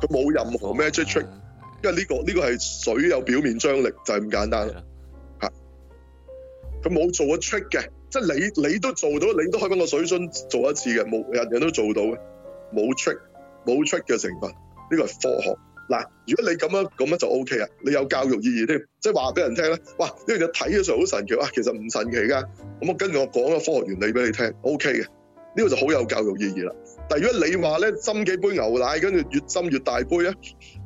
佢冇任何 magic trick，因為呢個呢個係水有表面張力就係咁簡單啦，吓，佢冇做個 trick 嘅，即係你你都做到，你都可以揾個水樽做一次嘅，冇人人都做到嘅，冇 trick 冇 trick 嘅成分，呢個係科學。嗱，如果你咁樣咁樣就 O K 啊，你有教育意義添，即係話俾人聽咧，哇，呢個睇時候好神奇啊，其實唔神奇噶，咁我跟住我講個科學原理俾你聽，O K 嘅。呢、呢個就好有教育意義啦。但係如果你話咧斟幾杯牛奶，跟住越斟越大杯咧，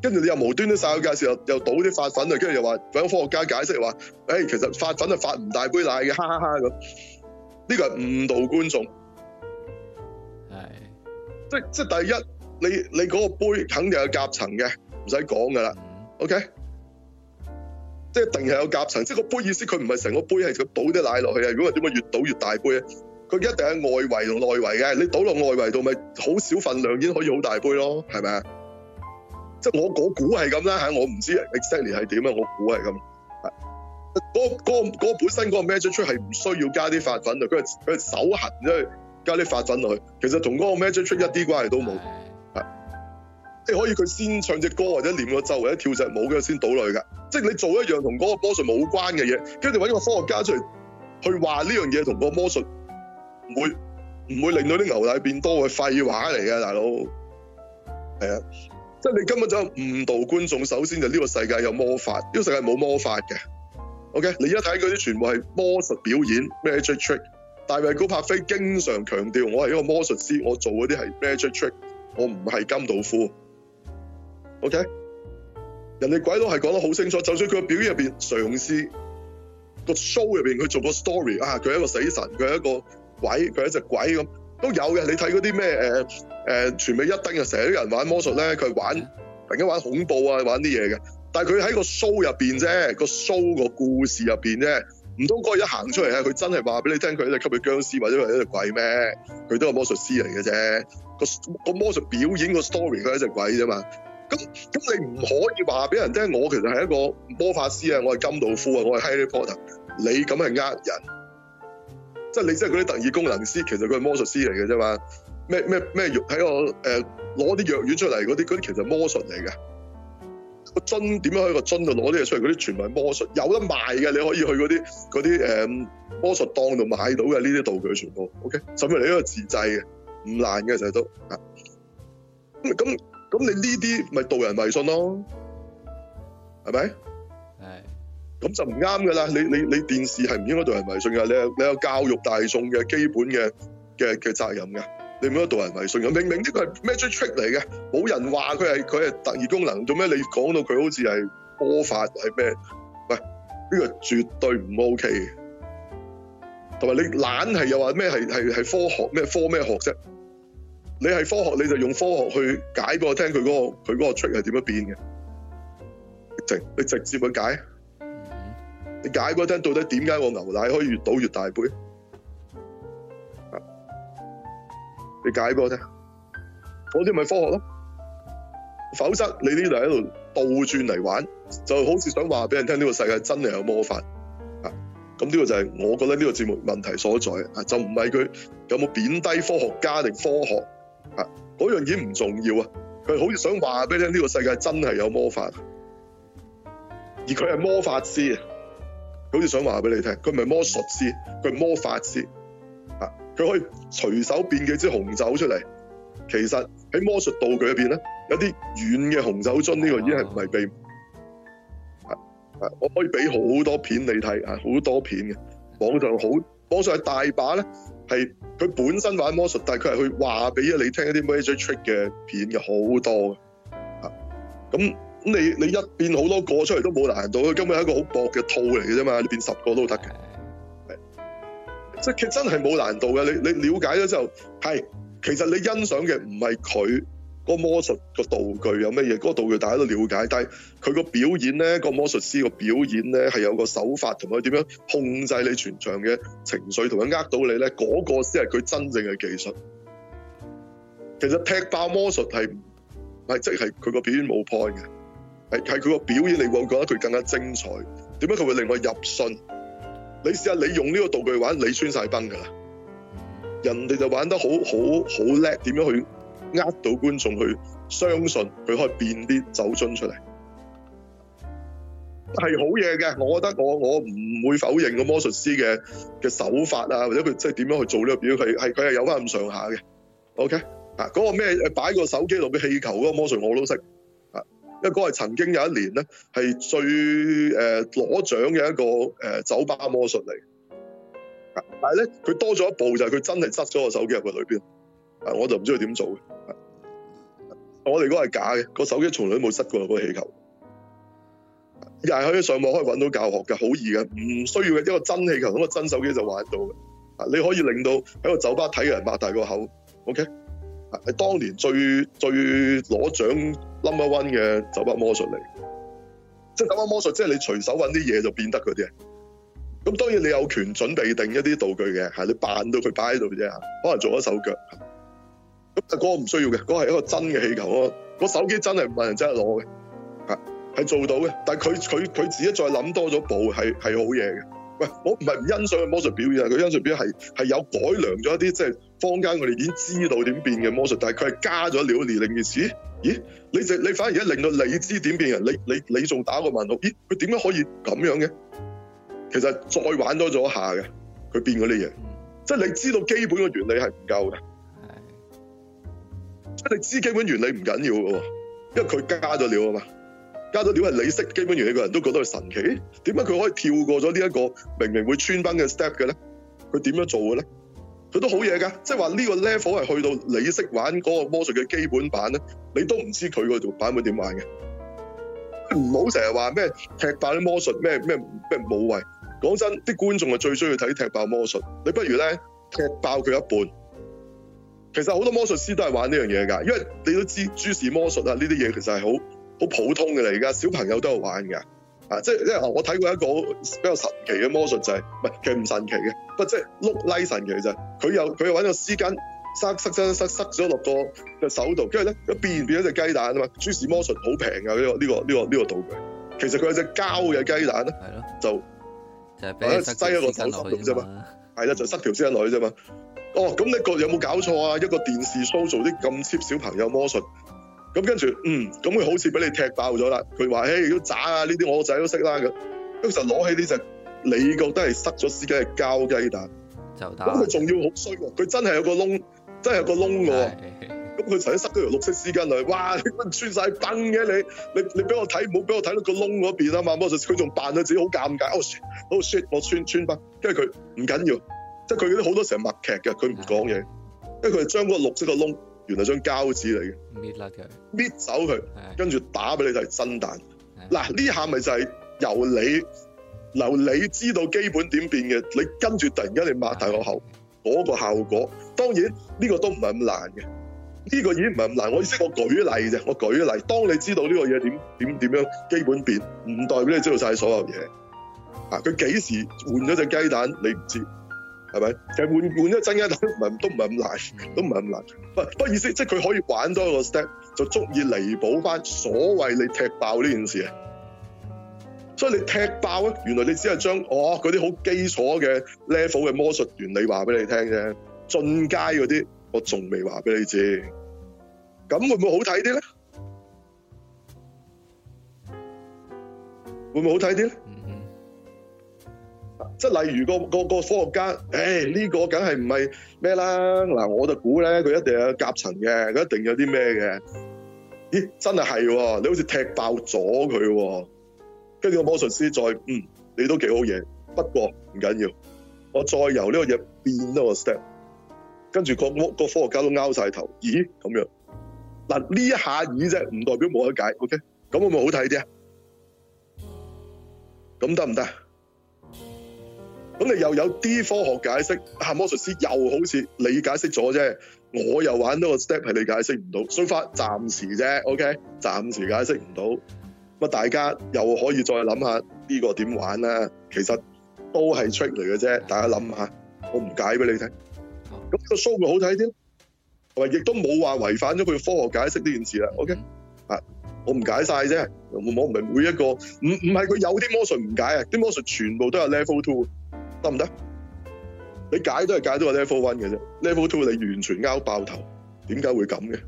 跟住你又無端端晒佢介紹又倒啲發粉啊，跟住又話揾科學家解釋話，誒、欸、其實發粉啊發唔大杯奶嘅，哈哈哈咁。呢個係誤導觀眾。係。即即第一，你你嗰個杯肯定有夾層嘅，唔使講㗎啦。OK，即係一定係有夾層。即係個杯的意思，佢唔係成個杯係佢倒啲奶落去啊。如果話點解越倒越大杯咧？佢一定喺外圍同內圍嘅，你倒落外圍度咪好少份量已經可以好大杯咯，係咪啊？即係我估係咁啦嚇，我唔知 exactly 係點啊，我估係咁。嗰本身嗰個 magic trick 係唔需要加啲發粉啊，佢佢手痕即係加啲發粉落去，其實同嗰個 magic trick 一啲關係都冇。即你可以佢先唱隻歌或者唸個咒或者跳隻舞跟先倒落去㗎，即係你做一樣同嗰個魔術冇關嘅嘢，跟住揾個科學家出嚟去話呢樣嘢同個魔術。唔會唔會令到啲牛奶變多嘅廢話嚟嘅，大佬係啊！即係你根本就誤導觀眾。首先就呢個世界有魔法，呢、這個世界冇魔法嘅。OK，你一睇嗰啲全部係魔術表演，magic trick。大衛高柏飛經常強調我係一個魔術師，我做嗰啲係 magic trick。我唔係甘道夫。OK，人哋鬼佬係講得好清楚，就算佢個表演入邊嘗試個 show 入邊佢做個 story 啊，佢係一個死神，佢係一個。鬼佢係一隻鬼咁都有嘅，你睇嗰啲咩誒誒全美一叮啊，成日啲人玩魔術咧，佢玩突然間玩恐怖啊，玩啲嘢嘅。但係佢喺個 show 入邊啫，個 show 個故事入邊啫，唔通嗰日一行出嚟咧，佢真係話俾你聽佢係一隻吸血僵屍，或者佢係一隻鬼咩？佢都係魔術師嚟嘅啫，個個魔術表演個 story 佢係一隻鬼啫嘛。咁咁你唔可以話俾人聽，我其實係一個魔法師啊，我係甘道夫啊，我係 Harry Potter。你咁係呃人。即係你即係嗰啲特異功能師，其實佢係魔術師嚟嘅啫嘛。咩咩咩藥喺個誒攞啲藥丸出嚟嗰啲，嗰啲其實係魔術嚟嘅。個樽點樣喺個樽度攞啲嘢出嚟？嗰啲全部係魔術，有得賣嘅。你可以去嗰啲嗰啲誒魔術檔度買到嘅。呢啲道具全部 OK。甚至你呢個自製嘅，唔難嘅，成日都咁咁、啊、你呢啲咪導人迷信咯？係咪？咁就唔啱噶啦！你你你電視係唔應該導人迷信噶，你有你有教育大眾嘅基本嘅嘅嘅責任噶，你唔應該導人迷信噶。明明呢個係咩出 trick 嚟嘅，冇人話佢係佢係特異功能。做咩你講到佢好似係魔法，係咩？喂，呢個絕對唔 OK 嘅，同埋你懶係又話咩係係係科學咩科咩學啫？你係科學你就用科學去解俾我聽佢嗰個佢嗰個 trick 係點樣變嘅？直你直接去解。你解俾我聽，到底點解我牛奶可以越倒越大杯？啊，你解俾我聽，啫，嗰啲咪科學咯？否則你呢度喺度倒轉嚟玩，就好似想話俾人聽呢個世界真係有魔法啊！咁呢個就係我覺得呢個節目問題所在啊！就唔係佢有冇貶低科學家定科學啊？嗰樣嘢唔重要啊！佢好似想話俾你聽呢個世界真係有魔法，而佢係魔法師啊！好似想話俾你聽，佢唔係魔術師，佢係魔法師啊！佢可以隨手變幾支紅酒出嚟。其實喺魔術道具入邊咧，有啲軟嘅紅酒樽呢、呢個已經係唔係秘密啊！我可以俾好多片你睇啊，好多片嘅網上好網上係大把咧，係佢本身玩魔術，但係佢係去話俾咗你聽一啲 magic trick 嘅片嘅好多嘅啊咁。咁你你一變好多個出嚟都冇難度，佢根本係一個好薄嘅套嚟嘅啫嘛，你變十個都得嘅，即係佢真係冇難度嘅。你你了解咗之後，係其實你欣賞嘅唔係佢個魔術個道具有乜嘢，嗰個道具大家都了解，但係佢個表演咧，個魔術師個表演咧係有個手法同佢點樣控制你全場嘅情緒，同佢呃到你咧嗰個先係佢真正嘅技術。其實踢爆魔術係係即係佢個表演冇 point 嘅。係係佢個表演嚟，我覺得佢更加精彩。點解佢會令我入信？你試下你用呢個道具玩，你穿晒崩㗎啦！人哋就玩得好好好叻，點樣去呃到觀眾去相信佢可以變啲酒樽出嚟？係好嘢嘅，我覺得我我唔會否認個魔術師嘅嘅手法啊，或者佢即係點樣去做呢個表演，係係佢係有翻咁上下嘅。OK 嗱，嗰個咩擺個手機落嘅氣球嗰個魔術我都識。因為嗰個係曾經有一年咧係最誒攞、呃、獎嘅一個誒、呃、酒吧魔術嚟，但係咧佢多咗一步就係佢真係塞咗個手機入去裏邊，啊我就唔知佢點做嘅。我哋嗰個係假嘅，個手機從嚟冇塞過嗰個氣球，又係可以上網可以揾到教學嘅，好易嘅，唔需要嘅一個真氣球，咁個真手機就玩到嘅。你可以令到喺個酒吧睇嘅人擘大個口，OK？係當年最最攞獎。number one 嘅走筆魔術嚟，即係走筆魔術，即係你隨手揾啲嘢就變得嗰啲啊！咁當然你有權準備定一啲道具嘅，係你扮到佢擺喺度啫，可能做咗手腳。咁嗰個唔需要嘅，嗰個係一個真嘅氣球，我個手機真係唔問人真係攞嘅，係係做到嘅。但係佢佢佢自己再諗多咗步，係係好嘢嘅。喂，我唔係唔欣賞佢魔術表演啊！佢魔術表演係係有改良咗一啲即係坊間我哋已經知道點變嘅魔術，但係佢係加咗料而另一件事，咦？你你你反而而令到你知點變人，你你你仲打個問號？咦！佢點樣可以咁樣嘅？其實再玩多咗下嘅，佢變嗰啲嘢，即、嗯、係、就是、你知道基本嘅原理係唔夠嘅，即係、就是、你知基本原理唔緊要嘅，因為佢加咗料啊嘛。加咗料係你識基本原理個人都覺得係神奇，點解佢可以跳過咗呢一個明明會穿崩嘅 step 嘅咧？佢點樣做嘅咧？佢都好嘢㗎，即係話呢個 level 係去到你識玩嗰個魔術嘅基本版咧，你都唔知佢個版本點玩嘅。唔好成日話咩踢爆啲魔術咩咩咩無謂。講真，啲觀眾係最鍾意睇踢爆魔術，你不如咧踢爆佢一半。其實好多魔術師都係玩呢樣嘢㗎，因為你都知諸氏魔術啊，呢啲嘢其實係好。好普通嘅啦，而家小朋友都係玩嘅，啊，即係即係啊，我睇過一個比較神奇嘅魔術，就係，唔係，其實唔神奇嘅，不即係碌拉神奇嘅。佢又佢又玩個絲巾塞塞塞塞塞咗落個手度，跟住咧一變變咗隻雞蛋啊嘛！諸事魔術好平噶呢個呢個呢個呢個道具，其實佢係隻膠嘅雞蛋咯，係咯，就係，就係塞一個手心度啫嘛，係啦，就塞條絲巾落去啫嘛。哦，咁你個有冇搞錯啊？一個電視 show 做啲咁 cheap 小朋友魔術。咁跟住，嗯，咁佢好似俾你踢爆咗啦。佢話，嘿，都渣啊！呢啲我個仔都識啦。咁，於是攞起呢隻，你覺得係塞咗絲巾嘅膠雞蛋。係，就咁佢仲要好衰喎，佢真係有個窿，真係有個窿嘅喎。咁佢成日塞咗條綠色絲巾落去，哇，穿晒崩嘅你，你你俾我睇，唔好俾我睇到個窿嗰邊啊嘛。摩士佢仲扮到自己好尷尬，哦 no shit，我穿，我穿穿崩。跟住佢唔緊要，即係佢嗰啲好多成日默劇嘅，佢唔講嘢，因為佢係將嗰個綠色嘅窿。原來張膠紙嚟嘅，搣甩佢，搣走佢，跟住打俾你就係真蛋。嗱，呢下咪就係由你，由你知道基本點變嘅，你跟住突然間你擘大個口，嗰個效果當然呢個都唔係咁難嘅，呢個已經唔係咁難。我意思我舉例啫，我舉例。當你知道呢個嘢點點點樣基本變，唔代表你知道晒所有嘢。啊，佢幾時換咗隻雞蛋你唔知？係咪？其實換換一陣間唔係都唔係咁難，都唔係咁難。不不過意思，即係佢可以玩多一個 step，就足以彌補翻所謂你踢爆呢件事啊！所以你踢爆咧，原來你只係將我嗰啲好基礎嘅 level 嘅魔術原理話俾你聽啫。進階嗰啲，我仲未話俾你知。咁會唔會好睇啲咧？會唔會好睇啲咧？即係例如個個個科學家，誒呢個梗係唔係咩啦？嗱，我就估咧佢一定有夾層嘅，佢一定有啲咩嘅。咦，真係係，你好似踢爆咗佢。跟住個魔術師再，嗯，你都幾好嘢。不過唔緊要，我再由呢個嘢變多個 step。跟住個屋個科學家都拗晒頭，咦，咁樣？嗱呢一下咦啫，唔代表冇得解。OK，咁會唔會好睇啲啊？咁得唔得？咁你又有啲科學解釋啊？魔術師又好似你解釋咗啫，我又玩多個 step 係你解釋唔到，so far 暫時啫，OK？暫時解釋唔到，咁大家又可以再諗下、這個、呢個點玩啦？其實都係 trick 嚟嘅啫，大家諗下，我唔解俾你聽，咁個 show 會好睇啲，同埋亦都冇話違反咗佢科學解釋呢件事啦。OK？啊，我唔解晒啫，我唔係每一個，唔唔係佢有啲魔術唔解啊，啲魔術全部都係 level two。得唔得？你解都係解到個 level one 嘅啫，level two 你完全拗爆頭，點解會咁嘅？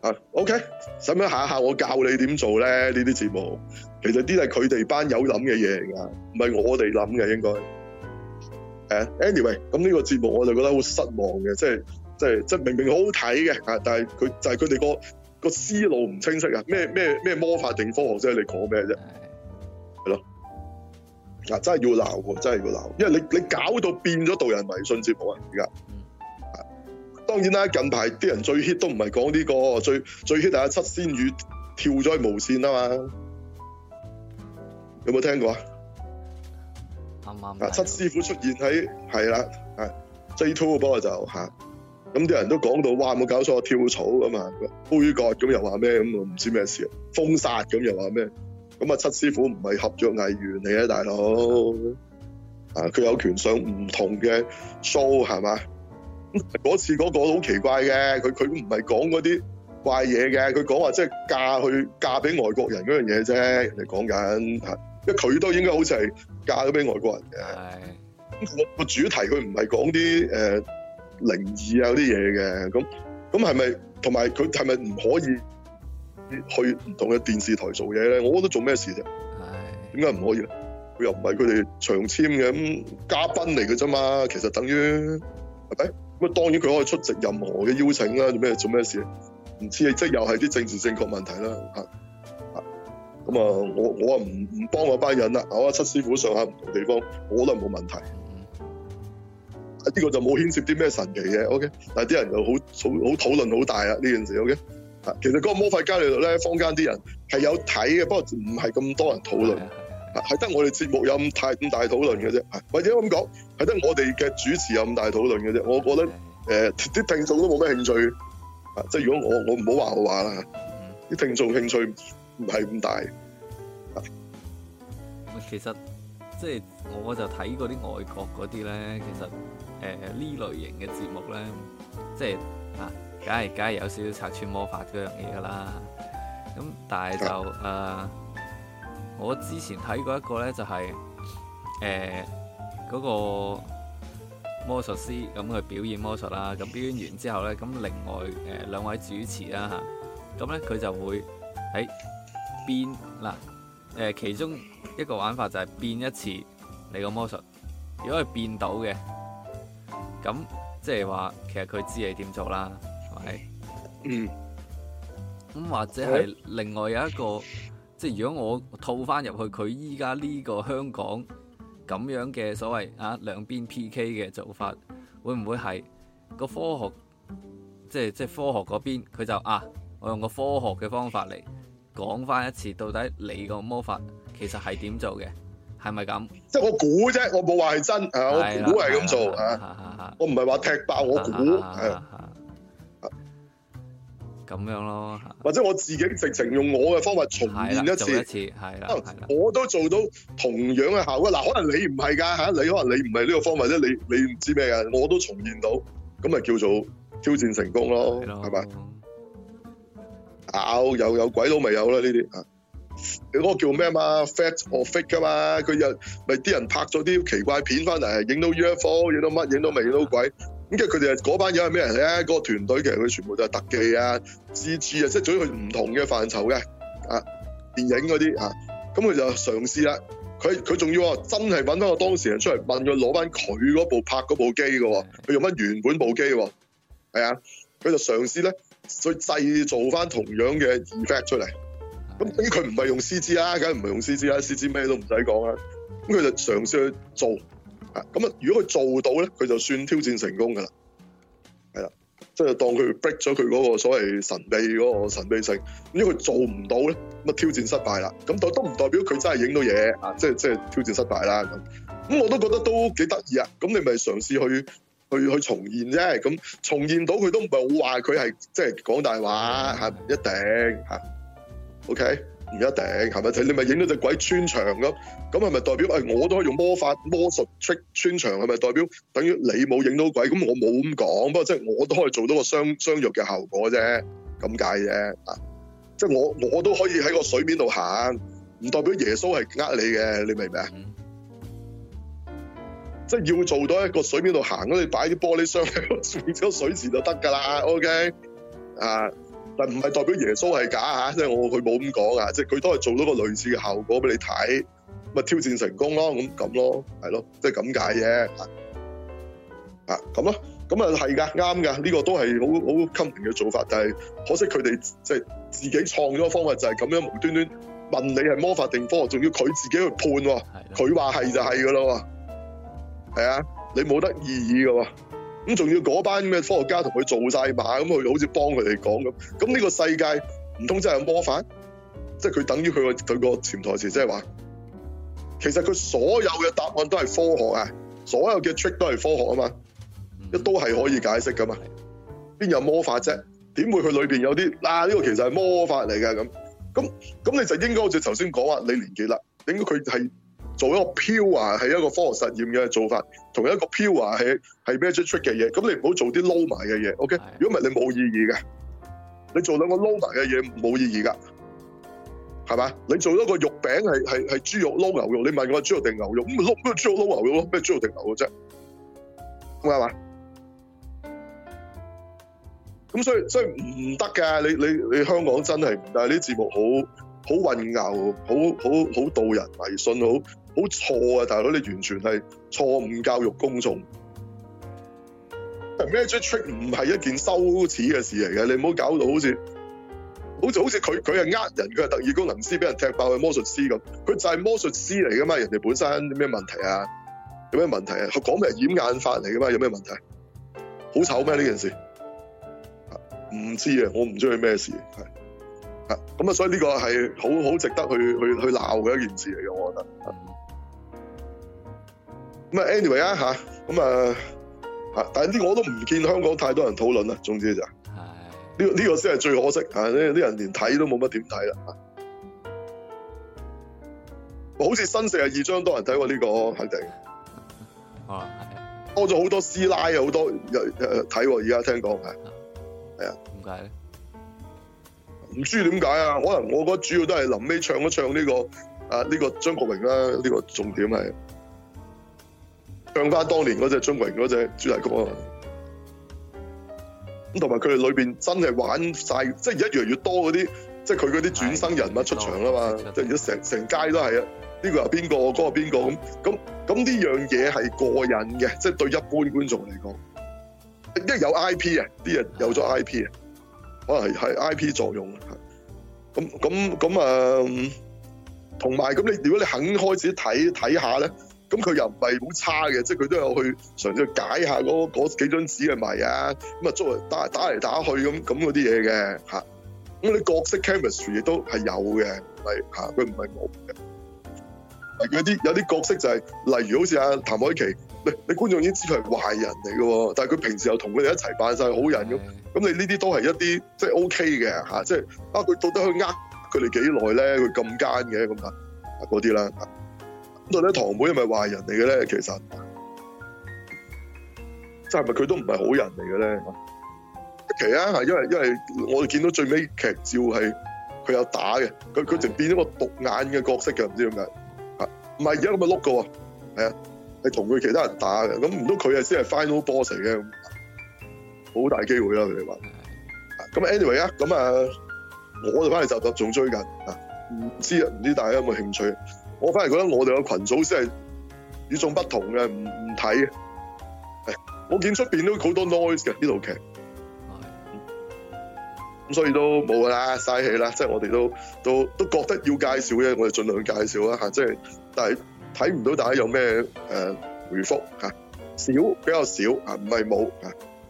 啊，OK，使唔使下下我教你點做咧？呢啲節目其實啲係佢哋班有諗嘅嘢嚟噶，唔係我哋諗嘅應該。誒，anyway，咁呢個節目我就覺得好失望嘅，即係即係即係明明好好睇嘅，啊，但係佢就係佢哋個個思路唔清晰啊！咩咩咩魔法定科學，即係你講咩啫？真係要鬧喎，真係要鬧，因為你你搞到變咗導人迷信節目啊！而、嗯、家，當然啦，近排啲人最 hit 都唔係講呢個，最最 hit 就係七仙羽跳咗去無線啊嘛，有冇聽過啊？啱、嗯、啱、嗯嗯？七師傅出現喺係啦，係 J2 不過就嚇，咁、啊、啲人都講到哇冇搞錯跳槽咁嘛，杯葛咁又話咩咁啊？唔知咩事，封殺咁又話咩？咁啊，七師傅唔係合作藝員嚟嘅，大佬啊，佢有權上唔同嘅 show 係嘛？嗰 [laughs] 次嗰個好奇怪嘅，佢佢唔係講嗰啲怪嘢嘅，佢講話即係嫁去嫁俾外國人嗰樣嘢啫，人哋講緊，因為佢都應該好似係嫁咗俾外國人嘅。咁、嗰個主題佢唔係講啲誒靈異啊啲嘢嘅，咁咁係咪同埋佢係咪唔可以？去唔同嘅電視台做嘢咧，我覺得做咩事啫？點解唔可以咧？佢又唔係佢哋長簽嘅咁嘉賓嚟嘅啫嘛，其實等於係咪？咁啊，當然佢可以出席任何嘅邀請啦，做咩做咩事？唔知啊，即係又係啲政治正確問題啦嚇咁啊，我我啊唔唔幫我班人啦，我七師傅上下唔同地方，我覺得冇問題。呢個就冇牽涉啲咩神奇嘅，OK 但係啲人又好好好討論好大啊呢件事，OK。其實嗰個魔法伽利略咧，坊間啲人係有睇嘅，不過唔係咁多人討論，係得、啊啊、我哋節目有咁太咁大討論嘅啫。是啊是啊，或者咁講，係得我哋嘅主持有咁大討論嘅啫。是啊是啊，我覺得誒啲、呃、聽眾都冇咩興趣啊，即係如果我我唔好話我話啦，啲、嗯、聽眾興趣唔係咁大啊其、就是。其實即係我就睇嗰啲外國嗰啲咧，其實誒呢類型嘅節目咧，即、就、係、是、啊。梗係，梗係有少少拆穿魔法嗰樣嘢㗎啦，咁但係就誒、呃，我之前睇過一個咧，就係誒嗰個魔術師咁去表演魔術啦，咁表演完之後咧，咁另外誒兩、呃、位主持啦吓，咁咧佢就會喺、欸、變嗱，誒、呃、其中一個玩法就係變一次你個魔術，如果佢變到嘅，咁即係話其實佢知你點做啦。係，嗯，咁、嗯、或者係另外有一個，嗯、即係如果我套翻入去，佢依家呢個香港咁樣嘅所謂啊兩邊 P K 嘅做法，會唔會係個科學？即係即係科學嗰邊，佢就啊，我用個科學嘅方法嚟講翻一次，到底你個魔法其實係點做嘅？係咪咁？即係我估啫，我冇話係真啊，我估係咁做，我唔係話踢爆，我估啊。咁樣咯，或者我自己直情用我嘅方法重現一次，係啦，做一次係啦，我都做到同樣嘅效果。嗱，可能你唔係㗎嚇，你可能你唔係呢個方法咧，你你唔知咩嘅，我都重現到，咁咪叫做挑戰成功咯，係咪？咬又有，有鬼都未有啦，呢啲啊，嗰、嗰個叫咩啊嘛，Fat or Fit 嘅嘛，佢又咪啲人拍咗啲奇怪片翻嚟，影到 UFO，影到乜，影到未，影到，到鬼。咁即係佢哋嗰班友係咩人呢？咧？嗰個團隊其實佢全部都係特技啊、CG 啊，即係屬於佢唔同嘅範疇嘅啊，電影嗰啲啊。咁佢就嘗試啦。佢佢仲要話真係揾翻個當事人出嚟問佢攞翻佢嗰部拍嗰部機嘅，佢用翻原本部機喎。係啊，佢就嘗試咧去製造翻同樣嘅 effect 出嚟。咁等於佢唔係用 CG 啦，梗係唔係用 CG 啦，CG 咩都唔使講啦。咁佢就嘗試去做。啊，咁啊，如果佢做到咧，佢就算挑戰成功噶啦，係啦，即、就、係、是、當佢 break 咗佢嗰個所謂神秘嗰個神秘性。如果佢做唔到咧，咁啊挑戰失敗啦。咁都都唔代表佢真係影到嘢啊，即係即係挑戰失敗啦。咁、嗯，咁我都覺得都幾得意啊。咁你咪嘗試去去去重現啫。咁、嗯、重現到佢都唔係話佢係即係講大話嚇，唔、就是啊、一定嚇、啊。OK。唔一定，係咪？你你咪影到隻鬼穿牆咁，咁係咪代表？誒、哎，我都可以用魔法、魔術 trick 穿牆，係咪代表？等於你冇影到鬼，咁我冇咁講。不過即係我都係做到個雙雙約嘅效果啫，咁解啫。啊，即係我我都可以喺個水面度行，唔代表耶穌係呃你嘅，你明唔明啊？即係要做到一個水面度行，咁你擺啲玻璃箱喺個水嗰水池就得㗎啦。OK 啊。唔係代表耶穌係假吓，即係我佢冇咁講啊，即係佢都係做到個類似嘅效果俾你睇，咪挑戰成功咯，咁咁咯，係咯，即係咁解啫。啊，咁咯，咁啊係噶，啱噶，呢個都係好好公平嘅做法，但係可惜佢哋即係自己創咗個方法就這，就係咁樣無端端問你係魔法定科學，仲要佢自己去判，佢話係就係噶咯，係啊，你冇得異議噶喎。咁仲要嗰班咩科學家同佢做晒馬咁，佢好似幫佢哋講咁。咁呢個世界唔通真係有魔法？即係佢等於佢個佢個潛台詞是說，即係話其實佢所有嘅答案都係科學啊，所有嘅 trick 都係科學啊嘛，都係可以解釋噶嘛。邊有魔法啫？點會佢裏邊有啲嗱？呢、啊呢個其實係魔法嚟㗎咁。咁咁，你就應該好似頭先講話你年紀啦，應該佢係。做一個漂啊，係一個科學實驗嘅做法，同一個漂啊係係咩嘢出嘅嘢？咁你唔好做啲撈埋嘅嘢，OK？如果唔係你冇意義嘅，你做兩個撈埋嘅嘢冇意義噶，係嘛？你做一個肉餅係係係豬肉撈牛肉，你問我係豬肉定牛肉，咁咪撈咩豬肉撈牛肉咯？咩豬肉定牛肉啫？咁係嘛？咁所以所以唔得㗎，你你你香港真係，但係啲節目好好混淆，好好好導人迷信好。好錯啊！大佬，你完全係錯誤教育公眾。係咩出出唔係一件羞恥嘅事嚟嘅？你唔好搞到好似，好似好似佢佢係呃人，佢係特異功能師，俾人踢爆係魔術師咁。佢就係魔術師嚟噶嘛？人哋本身咩問題啊？有咩問題啊？佢講咩係掩眼法嚟噶嘛？有咩問題？好醜咩？呢件事唔知啊！我唔鍾意咩事係咁啊，所以呢個係好好值得去去去鬧嘅一件事嚟嘅，我覺得。咁啊，anyway 啊，吓咁啊，吓，但係呢，我都唔見香港太多人討論啦。總之就係，呢個呢個先係最可惜啊！呢啲人連睇都冇乜點睇啦。啊，好似新四十二章多人睇喎，啊，呢個肯定，啊。啊，多咗好多師奶啊，好多睇喎，而家聽講係，係啊。點解咧？唔知點解啊。可能我覺得主要都係臨尾唱一唱呢個啊，呢個張國榮啦，呢個重點係。唱翻當年嗰隻張國榮嗰隻主題曲啊！咁同埋佢哋裏邊真係玩晒，即係而家越嚟越多嗰啲，即係佢嗰啲轉生人物出場啦嘛，即係而家成成街都係啊！呢個又邊個，嗰個邊個咁咁咁呢樣嘢係過癮嘅，即係對一般觀眾嚟講，一有 I P 啊，啲人有咗 I P 啊，可能係係 I P 作用啊，咁咁咁啊，同埋咁你如果你肯開始睇睇下咧。看看呢咁佢又唔係好差嘅，即係佢都有去嘗試解下嗰嗰幾張紙嘅謎啊！咁啊，作為打打嚟打去咁咁嗰啲嘢嘅嚇，咁你角色 chemistry 亦都係有嘅，唔係佢唔係冇嘅。有啲有啲角色就係、是，例如好似啊譚凱琪，你你觀眾已經知佢係壞人嚟嘅喎，但係佢平時又同佢哋一齊扮晒好人咁，咁你呢啲都係一啲即係 OK 嘅嚇，即係啊佢到底佢呃佢哋幾耐咧？佢咁奸嘅咁啊嗰啲啦。那到底堂妹係咪壞人嚟嘅咧？其實，即係咪佢都唔係好人嚟嘅咧？奇啊，係因為因為我哋見到最尾劇照係佢有打嘅，佢佢就變咗個獨眼嘅角色嘅，唔知點解，吓唔係而家咁咪碌噶？係啊，係同佢其他人打嘅，咁唔通佢啊先係 final boss 嚟嘅？好大機會啦，佢哋話。咁 anyway 啊，咁啊、anyway,，我就翻嚟集集仲追緊啊，唔知唔知大家有冇興趣？我反而覺得我哋嘅群組先係與眾不同嘅，唔唔睇嘅。我見出邊都好多 noise 嘅呢套劇，咁、嗯、所以都冇啦，嘥氣啦。即、就、係、是、我哋都都都覺得要介紹嘅，我哋儘量介紹啦嚇。即、啊、係、就是、但係睇唔到大家有咩誒、呃、回覆嚇、啊，少比較少嚇，唔係冇嚇，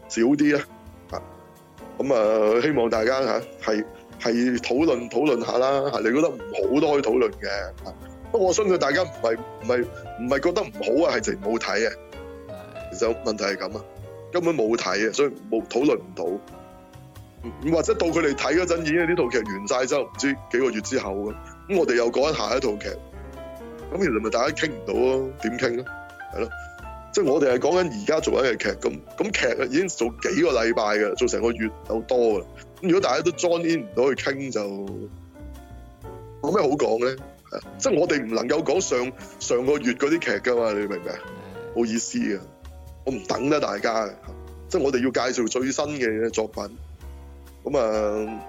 少啲啦嚇。咁啊、呃，希望大家嚇係係討論討論下啦嚇、啊。你覺得唔好多可以討論嘅嚇。啊不過我相信大家唔係唔係唔係覺得唔好啊，係直情冇睇啊。其實問題係咁啊，根本冇睇啊，所以冇討論唔到。或者到佢哋睇嗰陣已經呢套劇完晒，之後唔知幾個月之後咁。咁我哋又講緊下一套劇，咁原來咪大家傾唔到咯？點傾咧？係咯？即係我哋係講緊而家做緊嘅劇，咁咁劇已經做幾個禮拜㗎，做成個月有多噶啦。咁如果大家都 join in 唔到去傾，就冇咩好講咧。即係我哋唔能夠講上上個月嗰啲劇噶嘛，你明唔明？冇意思嘅，我唔等得大家啊。即係我哋要介紹最新嘅作品。咁啊，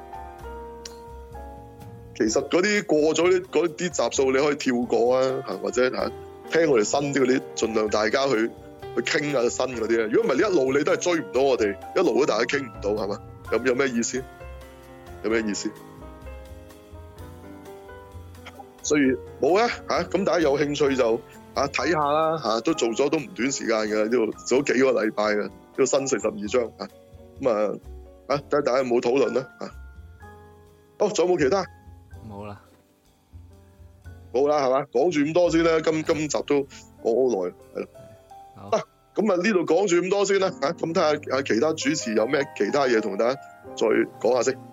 其實嗰啲過咗嗰啲集數，你可以跳過啊，或者吓聽我哋新啲嗰啲，盡量大家去去傾下新嗰啲啊。如果唔係，你一路你都係追唔到我哋，一路都大家傾唔到，係嘛？有有咩意思？有咩意思？所以冇啊嚇，咁大家有興趣就嚇睇下啦嚇、啊，都做咗都唔短時間嘅，呢度做咗幾個禮拜嘅，呢個新四十二章嚇，咁啊睇下、啊啊、大家有冇討論啦嚇、啊。哦，仲有冇其他？冇啦，冇啦，係嘛？講住咁多先啦，今今集都好耐係啦。好咁啊呢度講住咁多先啦嚇，咁睇下啊，啊睇下其他主持有咩其他嘢同大家再講下先。